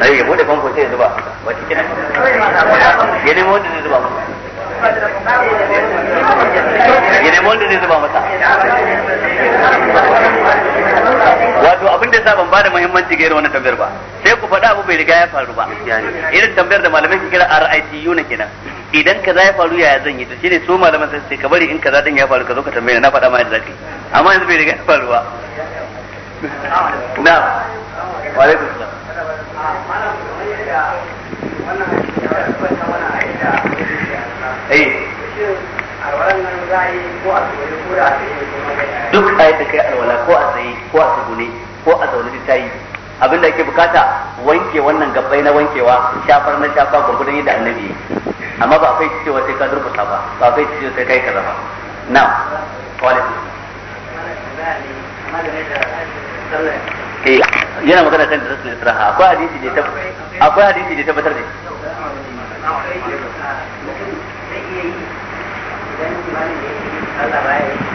ai ya bude famfo sai ya zuba ba cikin ya nemo wanda zai zuba masa ya nemo wanda zai zuba masa wato abin da sa ban da muhimmanci ga wannan tambayar ba sai ku faɗa abu bai faru da malamai ke kira idan kaza ya faru yaya zan yi to shine so malaman sai sai ka bari in kaza din ya faru ka zo ka tambaye na faɗa ma yadda zaka yi amma yanzu bai riga ya faru ba na wa alaikum Eh. duk ayat da kai alwala ko a tsaye ko a tsugune ko a zaune ta tayi abin da ake bukata wanke wannan gabbai na wankewa shafar na shafa gurgudan yadda annabi amma ba kai cewa sai ka durkusa ba ba kai cewa sai kai kaza ba na wa yana magana kan da rasul israha akwai hadisi da akwai hadisi da tabbatar da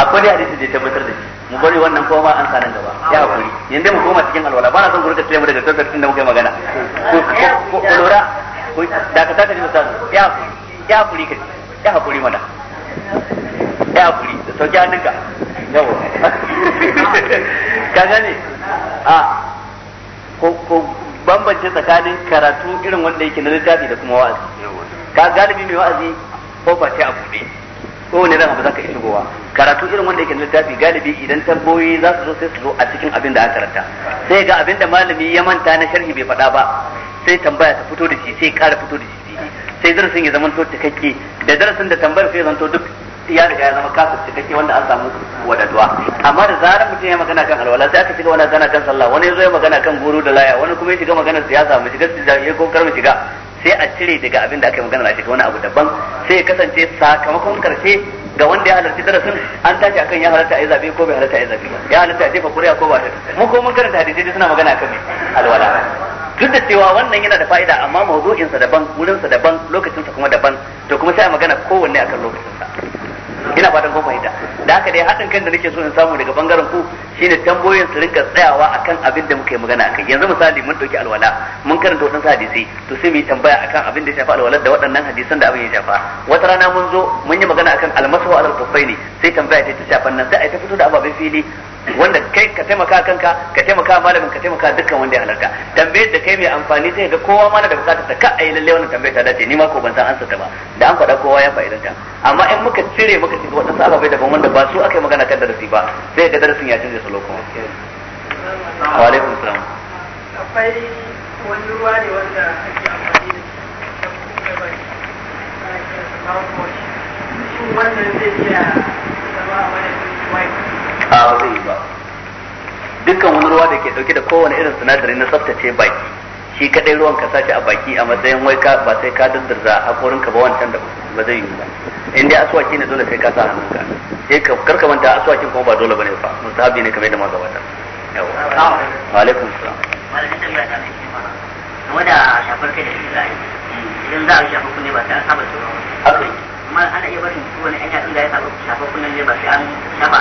akwai dai hadisi da tabbatar da mu bari wannan koma an sanan gaba ya hakuri yanda mu koma cikin alwala ba na son gurka tsaye mu daga tun da muke magana ko lura da ka ka ji ustaz ya hakuri ya hakuri ka ya hakuri mana ya da sauki hannunka yawa ka a ko bambance tsakanin karatu irin wanda yake na littafi da kuma wa'azi ka galibi mai wa'azi ko ba ce a buɗe ko wani ran abu zaka iya shigowa karatu irin wanda yake na littafi galibi idan tamboyi za su zo sai su zo a cikin abin da aka karanta sai ga abin da malami ya manta na sharhi bai faɗa ba sai tambaya ta fito da shi sai ƙara fito da shi sai darasin ya zama to cikakke da darasin da tambayar sai zanto duk ya riga ya zama kasu cikakke wanda an samu wadatuwa amma da zarar mutum ya magana kan alwala sai aka shiga wani magana kan sallah wani zo ya magana kan guru da laya wani kuma ya shiga magana siyasa mu shiga ya ko mu shiga sai a cire daga abin da aka yi magana a shiga wani abu daban sai ya kasance sakamakon karshe ga wanda ya halarci darasin an tashi akan ya halarta a yi zabe ko bai halarta a yi zabe ba ya halarta a jefa kuriya ko ba mu ko mun karanta hadisi suna magana kan alwala duk da cewa wannan yana da fa'ida amma mawdu'in sa daban wurinsa sa daban lokacin sa kuma daban to kuma sai magana kowanne akan lokacin sa ina fatan kun fahimta da haka dai haɗin kan da nake so in samu daga bangaren ku shine tambayoyin su rinka tsayawa akan abin da muka yi magana akai yanzu misali mun dauki alwala mun karanta wadansu hadisi to sai mu yi tambaya akan abin da ya shafa alwala da waɗannan hadisan da abin ya shafa wata rana mun zo mun yi magana akan wa alal sai tambaya ta shafa nan sai a ta fito da ababen fili wanda kai ka taimaka kanka ka taimaka malamin ka taimaka dukkan wanda ya halarta tambayar da kai mai amfani sai ga kowa ma na da bukatar ta ka ayi lalle wannan tambayar ta dace ni ma ko ban san ansa ta ba da an faɗa kowa ya ta amma in muka cire muka shiga wadansu ababai daban wanda ba su aka yi magana kan darasi ba sai ga darasin ya canza salo kuma wa alaikum salam akwai wani ruwa ne wanda ake amfani da shi wannan zai iya zama wani white a ba zai yi ba dukkan wani ruwa da ke dauke da kowane irin sinadari na tsaftace baki shi kadai ruwan ka sace a baki a matsayin wai ka ba sai ka daddarza hakorin ka ba wancan da ba zai yi ba in dai aswaki ne dole sai ka sa hannun ka sai ka karka manta aswakin kuma ba dole bane fa musahabi ne kamar da ma gabata yawa wa alaikum salam game da shafar kai da idan za a shafa kunne ba ta saba tsoro amma ana iya barin su wani anya din ya saba shafa kullun ne ba sai an shafa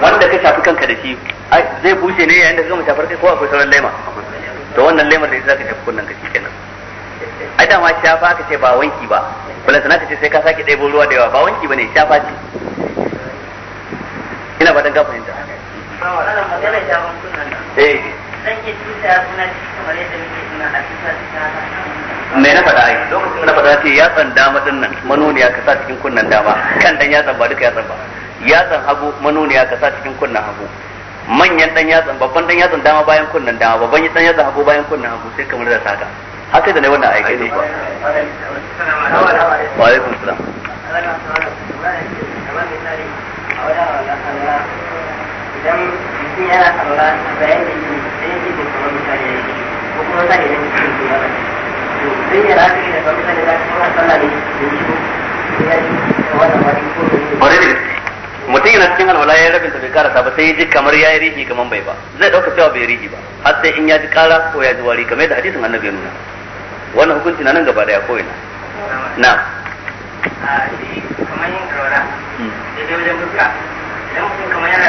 wanda ka shafi kanka da shi zai bushe ne yayin da gama shafar kai ko akwai sauran lema to wannan laimar da zaka shafa kullun ka kenan ai dama shafa ka ce ba wanki ba kula sana ka ce sai ka saki ɗebo ruwa da yawa ba wanki bane shafa ce ina ba dan ka fahimta eh zan ke tuta suna kamar yadda muke suna a tuta tuta me na faɗa ai lokacin na faɗa ce yatsan dama din nan manuniya ka sa cikin kunnan dama kan dan san ba duka ya san ba yatsan hagu manuniya ka sa cikin kunnan hagu manyan dan san babban dan san dama bayan kunnan dama babban dan san hagu bayan kunnan hagu sai kamar da saka haka da ne wannan aiki ne kuwa wa alaikum salam idan mutum yana bayan da yake yake ko kuma mutum yana cikin alwala ya bai karasa kamar ya yi bai ba zai dauka cewa bai ba har sai in ya ji kara ko ji wari kamar yadda hadisin annabi nuna wannan hukunci na nan gaba hmm. da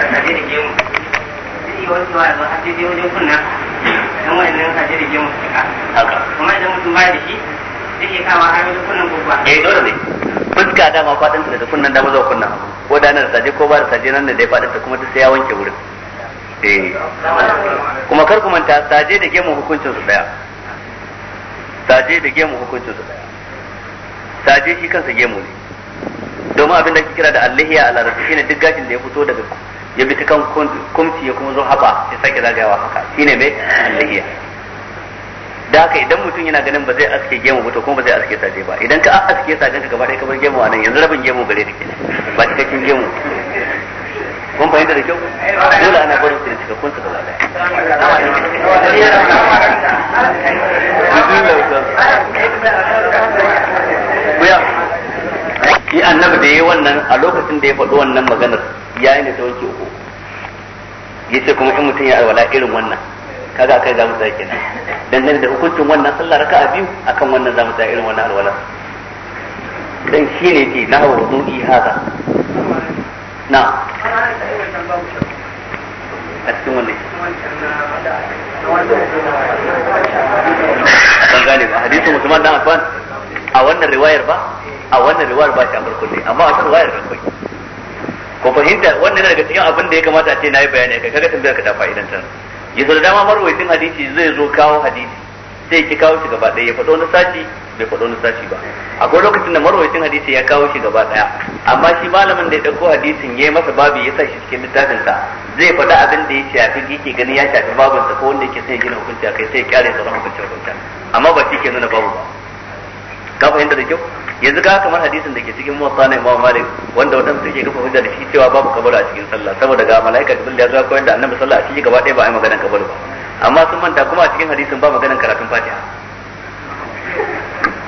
da gemu zai iya wankewa da har daidai wajen kunna don wa'annan kaje da gemu haka kuma idan mutum baya da shi zai iya kawo har wajen kunnan gurgwa eh dole ne fuska dama faɗinta daga kunnan dama zuwa kunnan ko da nan saje ko ba da saje nan da dai faɗinta kuma duk sai ya wanke wurin eh. kuma kar ku manta saje da gemu hukuncin su daya saje da gemu hukuncin su daya saje shi kansa gemu ne domin abin da kira da allihiya a larabci shine duk gashin da ya fito daga ya bi cikin kumci ya kuma zo haba ya sake zagayawa haka shine mai lahiya da haka idan mutum yana ganin ba zai aske gemu ba to kuma ba zai aske sa ba idan ka aske sa ganka gaba ɗaya kamar gemu a nan yanzu rabin gemu gare kenan ba cikakken gemu kun fahimta da kyau dole ana barin su da cikakkun su gaba ɗaya ya annabi da ya yi wannan a lokacin da ya faɗi wannan maganar Ya yi da ta wanke uku ce kuma in mutum ya alwala irin wannan kaga akai za mu sa kenan dangane da hukuncin wannan sallah a biyu akan wannan za mu sa irin wannan alwala dan shi ne ke na wudu'i haka na a cikin wannan ban gane ba musulman dan afan a wannan riwayar ba a wannan riwayar ba shi a farko amma a wannan riwayar akwai ko fahimta wannan daga cikin abin da ya kamata a ce yi bayani kai kaga tambayar ka ta fa'idan ta yi da dama marwaitin hadisi zai zo kawo hadisi sai ki kawo shi gaba ɗaya ya faɗo wani sashi bai faɗo wani sashi ba akwai lokacin da marwaitin hadisi ya kawo shi gaba ɗaya amma shi malamin da ya ɗauko hadisin ya yi masa babi ya sa shi cikin littafin sa zai faɗa abin da ya shafi yake gani ya shafi babinsa ko wanda yake sai gina hukunci a kai sai ya kyale sauran hukunci hukunci amma ba shi ke nuna babu ba ka fahimta da kyau yanzu ka kamar hadisin da ke cikin muwatta na Imam Malik wanda wadanda suke ka fahimta da shi cewa babu kabari a cikin sallah saboda ga mala'ika Jibril ya zo koyar da Annabi sallah a cikin gaba ɗaya ba a yi maganar kabari ba amma sun manta kuma a cikin hadisin ba maganar karatun Fatiha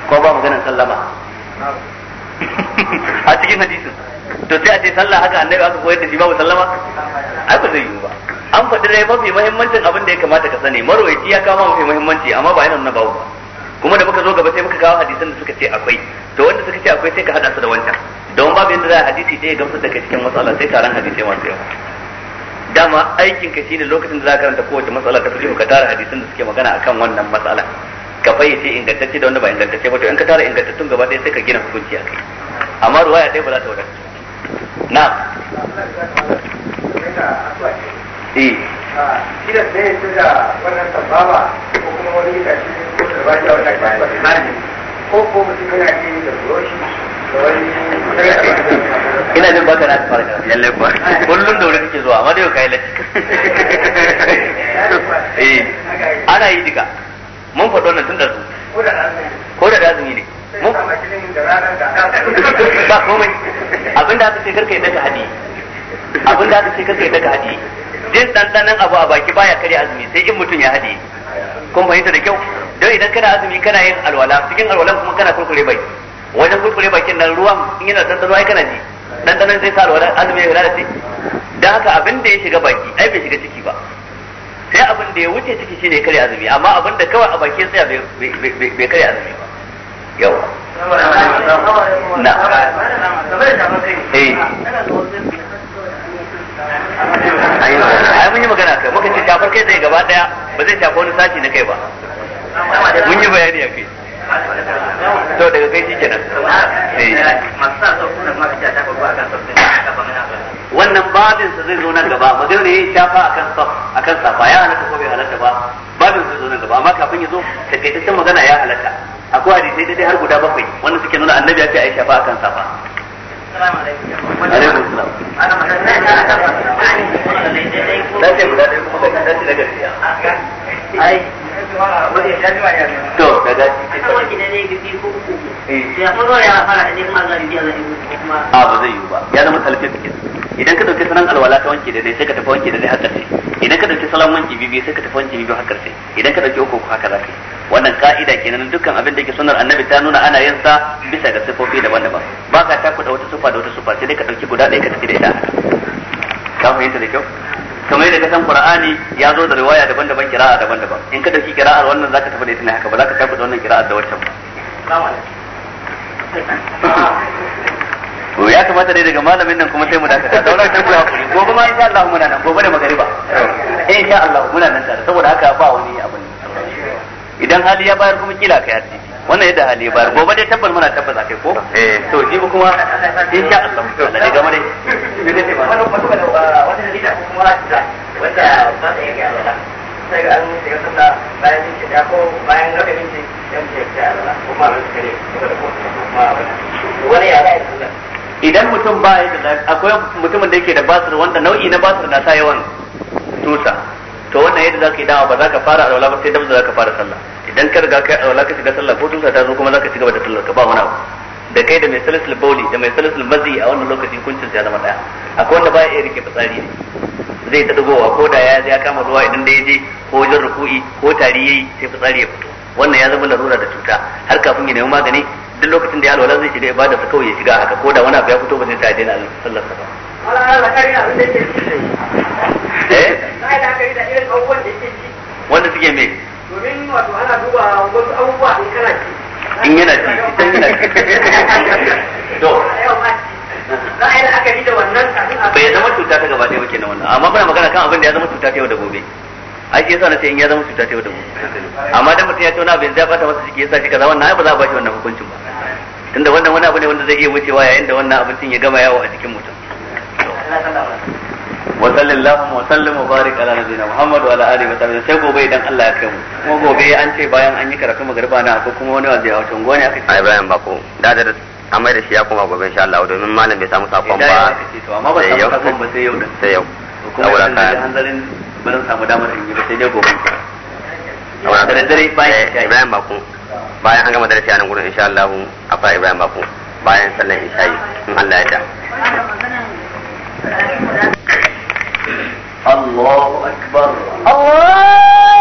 ko ba maganar sallama (laughs) a cikin hadisin to sai a ce sallah haka annabi aka koyar da shi babu sallama ai ba zai yi ba an faɗi dai mafi muhimmancin abin da ya kamata ka sani marwayi ya kama mafi muhimmanci amma ba yana nuna babu ba kuma da muka zo gaba sai muka kawo hadisan da suka ce akwai to wanda suka ce akwai sai ka hada su da wancan don babu yadda za a hadisi ɗaya gamsu da kai cikin matsala sai taron hadisai masu yawa dama aikin ka shine lokacin da za ka karanta kowace matsala ka fito ka tara hadisan da suke magana akan wannan matsala ka fayyace ingantacce da wanda ba ingantacce ba to in ka tara ingantattun gaba ɗaya sai ka gina hukunci a kai amma ruwaya ɗaya ba za ta wadata na sai ina jin baka na fara karatu ba kullun da wuri kake zuwa amma yau kai lati eh ana yi duka mun faɗo nan tun da su ko da azumi ne mun ba komai abinda aka ce karka yi hadi abinda aka ce karka yi hadi jin dandanan abu a baki baya kare azumi sai in mutum ya hade kun fahimta da kyau don idan kana azumi kana yin alwala cikin alwalan kuma kana kurkure bai wajen kurkure bakin nan ruwan in yana dandano ai kana ji dandanan zai sa alwala azumi ya lalace dan haka abin da ya shiga baki ai bai shiga ciki ba sai abin da ya wuce ciki shine kare azumi amma abin da kawai a baki tsaya bai kare azumi ba yawa na ai mun yi magana kai muka ce shafar kai zai gaba daya ba zai shafa wani sashi na kai ba mun yi bayani a kai to daga kai shikenan eh. wannan babin sa zai zo nan gaba magana ne ya shafa akan saf akan safa ya halatta ko bai halatta ba babin sa zai zo nan gaba amma kafin ya zo takaitaccen magana ya halatta akwai hadisi dai har guda bakwai wanda suke nuna annabi ya ce ai shafa akan safa Assalamu alaikum. Alaikum salam. Ana ya eh, ya fara a ba zai yi ba ya zama talfin kake idan ka dauke sanan alwala ta wanke daidai sai ka tafi wanke daidai haka idan ka dauke salan bibi sai ka tafi wanke bibi har idan ka dauke uku haka ka yi wannan ka'ida kenan dukkan abin da ke sunar annabi ta nuna ana yin sa bisa ga sifofi daban-daban ba ka da wata sufa da wata sufa sai dai ka dauki guda ɗaya ka tafi da ita ka fahimta da kyau kamar yadda san qur'ani ya zo da riwaya daban-daban kira'a daban-daban in ka dauki kira'ar wannan zaka tafi da ita ne haka ba ka tafi da wannan kira'ar da wancan ba to ya kamata dai daga malamin nan kuma sai mu dakata da wannan tambaya hakuri gobe ma insha Allah muna nan gobe da magariba insha Allah muna nan tare saboda haka ba wani abu ne idan hali ya bayar kuma kila ka yarda wannan yadda hali ya bayar gobe dai tabbas muna tabbata kai ko eh to ji kuma insha Allah da ga mare ne ne ba wanda da kuma wata ba sai ya ga sai ga an shiga bayan yin shida ko bayan rabe minti yan biyar sai alwala ko ran wani ya idan mutum ba ya da akwai mutumin da yake da basir wanda nau'i na basir na sa yawan tusa to wannan yadda zaka yi dawa ba zaka fara alwala ba sai za zaka fara sallah idan ka riga kai alwala ka shiga sallah ko tusa ta zo kuma zaka shiga da sallar ka ba wani abu da kai da mai salisul bauli da mai salisul mazi a wannan lokacin kuncin ya zama daya akwai wanda ba ya iya rike fitsari ne zai ta dugowa ko da ya ya kama ruwa idan da ya je ko wajen ruku'i ko tari yayi sai fitsari ya fito wannan ya zama larura da cuta har kafin ya nemi magani duk lokacin da ya alwala zai shiga ibada sa kawai ya shiga haka ko da wani abu ya fito ba zai ta daina sallar sa ba eh? wanda suke mai domin wato ana duba wasu abubuwa in kana ci in yana ci idan yana ci (laughs) za a yi la'akari da wannan kafin a bai zama cuta ta gaba ɗaya ba kenan wannan amma muna magana kan abin da ya zama cuta ta yau da gobe ai shi yasa na ce in ya zama cuta ta yau da gobe amma dan mutum ya ce wani abin zai bata masa jiki yasa shi kaza wannan ai ba za a bashi wannan hukuncin ba tunda wannan wani abu ne wanda zai iya wucewa yayin da wannan abincin ya gama yawo a jikin mutum wa sallallahu wa sallam wa barik ala nabiyina muhammad wa ala alihi wa sahbihi sai gobe idan Allah ya kai mu kuma gobe an ce bayan an yi karatu magriba na akwai kuma wani wanda ya wato gone aka ibrahim bako da da a mai da shi ya kuma gobe insha Allah domin malam bai samu sakon ba sai yau sai yau ka hanzarin barin samu damar in yi ba sai dai gobe bayan eh, Ibrahim Baku bayan an gama darasi a nan gurin insha Allah a fara Ibrahim Baku bayan sallan in Allah ya da Allahu akbar Allah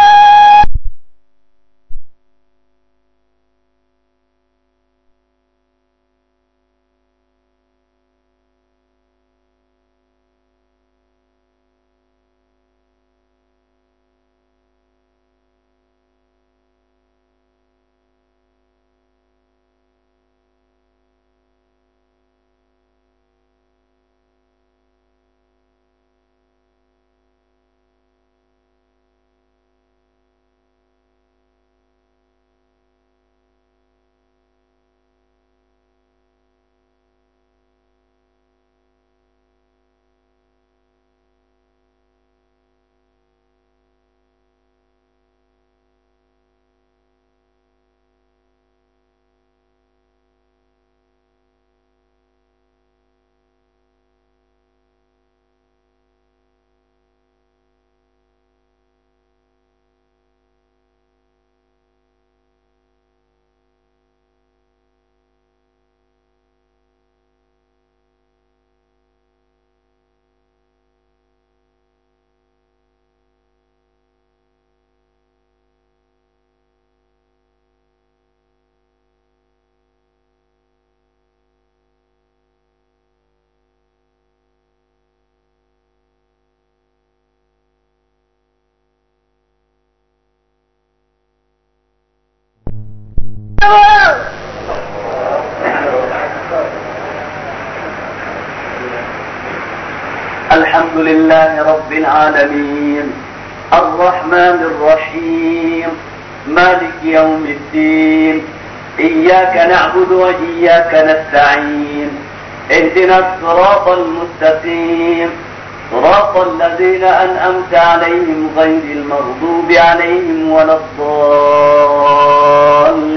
الحمد لله رب العالمين الرحمن الرحيم مالك يوم الدين إياك نعبد وإياك نستعين اهدنا الصراط المستقيم صراط الذين أنأمت عليهم غير المغضوب عليهم ولا الضالين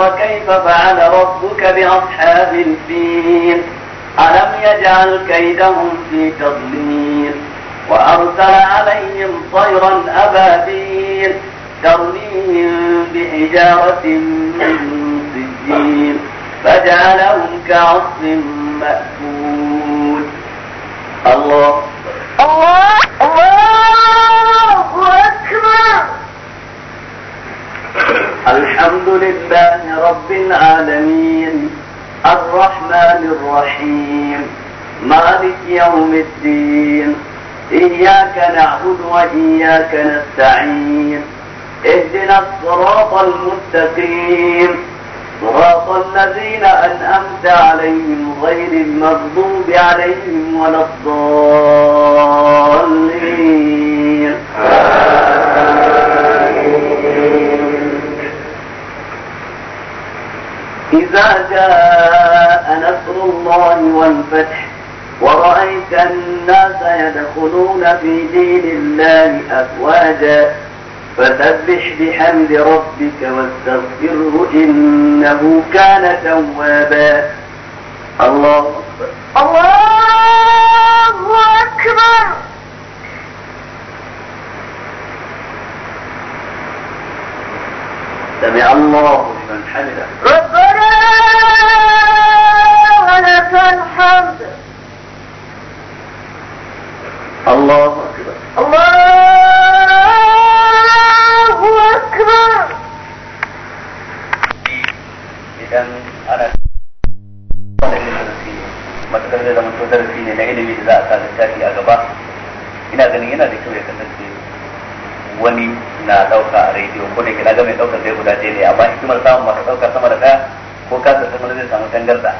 وكيف فَعَلَ رَبُّكَ بِأَصْحَابِ الْفِيلِ أَلَمْ يَجْعَلْ كَيْدَهُمْ فِي تَضْلِيلٍ وَأَرْسَلَ عَلَيْهِمْ طَيْرًا أَبَابِيلَ تَرْمِيهِمْ بِحِجَارَةٍ مِّن سِجِّيلٍ فَجَعَلَهُمْ كَعَصْفٍ مَّأْكُولٍ الله الله الله أكبر الحمد لله رب العالمين الرحمن الرحيم مالك يوم الدين إياك نعبد وإياك نستعين اهدنا الصراط المستقيم صراط الذين أنأمت عليهم غير المغضوب عليهم ولا الضالين إذا جاء نصر الله والفتح ورأيت الناس يدخلون في دين الله أفواجا فسبح بحمد ربك واستغفره إنه كان توابا الله أكبر الله أكبر سمع الله لمن حمده ربنا ولك الحمد الله اكبر الله اكبر ولكن هذا هو مسؤول عن هذا المسؤول عن na dauka a rediyo ko da ke ga mai dauka sai guda ɗaya ne amma hikimar samun masu dauka sama da ɗaya ko kasa ta wani zai samu da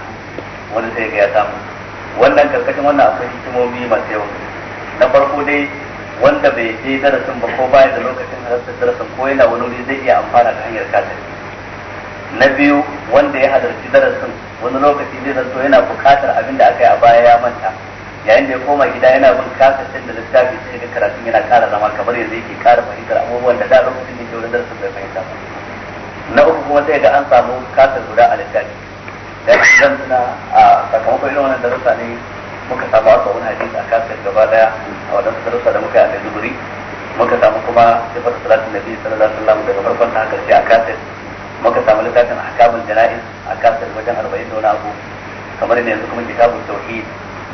wani sai ga ya samu wannan karkashin wannan akwai hikimomi masu yawa na farko dai wanda bai je darasin ba ko baya da lokacin halartar darasin ko yana wani wuri zai iya amfana ta hanyar kasar na biyu wanda ya halarci darasin wani lokaci zai zanto yana bukatar abin da aka yi a baya ya manta yayin da ya koma gida yana bin kasashen da littafi sai ga karatun yana kara zama kamar yanzu yake kara fahimtar abubuwan da da lokacin da ke wurin darasin bai fahimta ba na uku kuma sai ga an samu kasar guda a littafi zan tuna a sakamakon irin wannan darasa ne muka samu aka wani hadisi a kasar gaba daya a wadansu darasa da muka yi a Maiduguri muka samu kuma sifar salatin nabi sallallahu alaihi wasallam daga farkon ta karshe a kasar muka samu littafin ahkamul jana'iz a kasar wajen arba'in da wani abu kamar ne yanzu kuma kitabun tauhid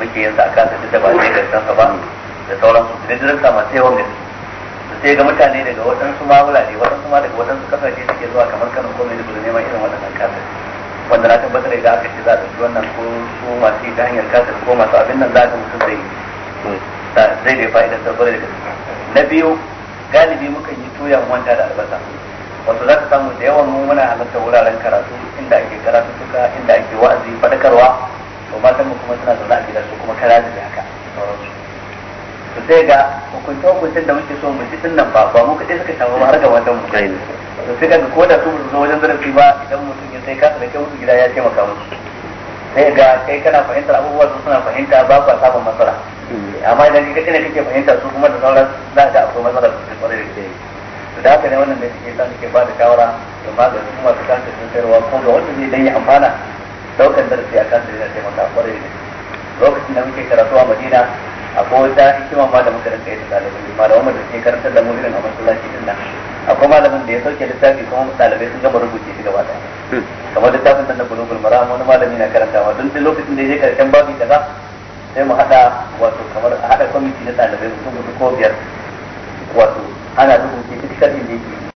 muke yin sa kansa tafi da ba zai gaskansa ba da sauransu da jirgin sama sai yawan gaske da sai ga mutane daga waɗansu mawulare waɗansu ma daga waɗansu kasashe suke zuwa kamar kano ko mai dubu neman irin waɗannan kasar wanda na tabbatar da aka ce za a ɗauki wannan ko su masu ta hanyar kasar ko masu abin nan za ka mutum zai hmm. zai da fa'idar sabuwar da na biyu galibi mukan yi tuyan wanda da albasa wato za ka samu da yawan mu muna halatta wuraren karatu inda ake karatu suka inda ake wa'azi faɗakarwa to matan mu kuma suna zaune a gidan su kuma kara da haka sauransu to sai ga hukunce hukuncin da muke so mu ji din nan ba ba mu kaɗai suka shafa ba har ga wannan mu kai to sai ga ko da su zo wajen zarafi ba idan mutum ya sai kasa da kyau gida ya ce maka musu sai ga kai kana fahimtar abubuwa su suna fahimta ba ba saba matsala hmm. amma idan kai ne kake fahimta su kuma da sauran za ka akwai matsala su ke kwarai da ke yi da haka ne wannan da suke sa suke ba da shawara da maganin kuma su kanta sun sayarwa ko ga wanda zai dan yi amfana daukan darasi a kan yana taimaka kwarai da lokacin da muke karatu a madina akwai wata hikima ma da muka rinka yi da ɗalibai malaman da suke karantar da mu irin a masallaci din nan akwai malamin da ya sauke littafi kuma ɗalibai sun gama rubuce shi gaba ɗaya hmm. kamar littafin nan na bulugul maram wani malami na karantawa don duk lokacin da ya je karshen babi kaza sai mu haɗa wato kamar a haɗa kwamiti na ɗalibai mutum hudu ko biyar wato ana rubuce duk sharhin da yake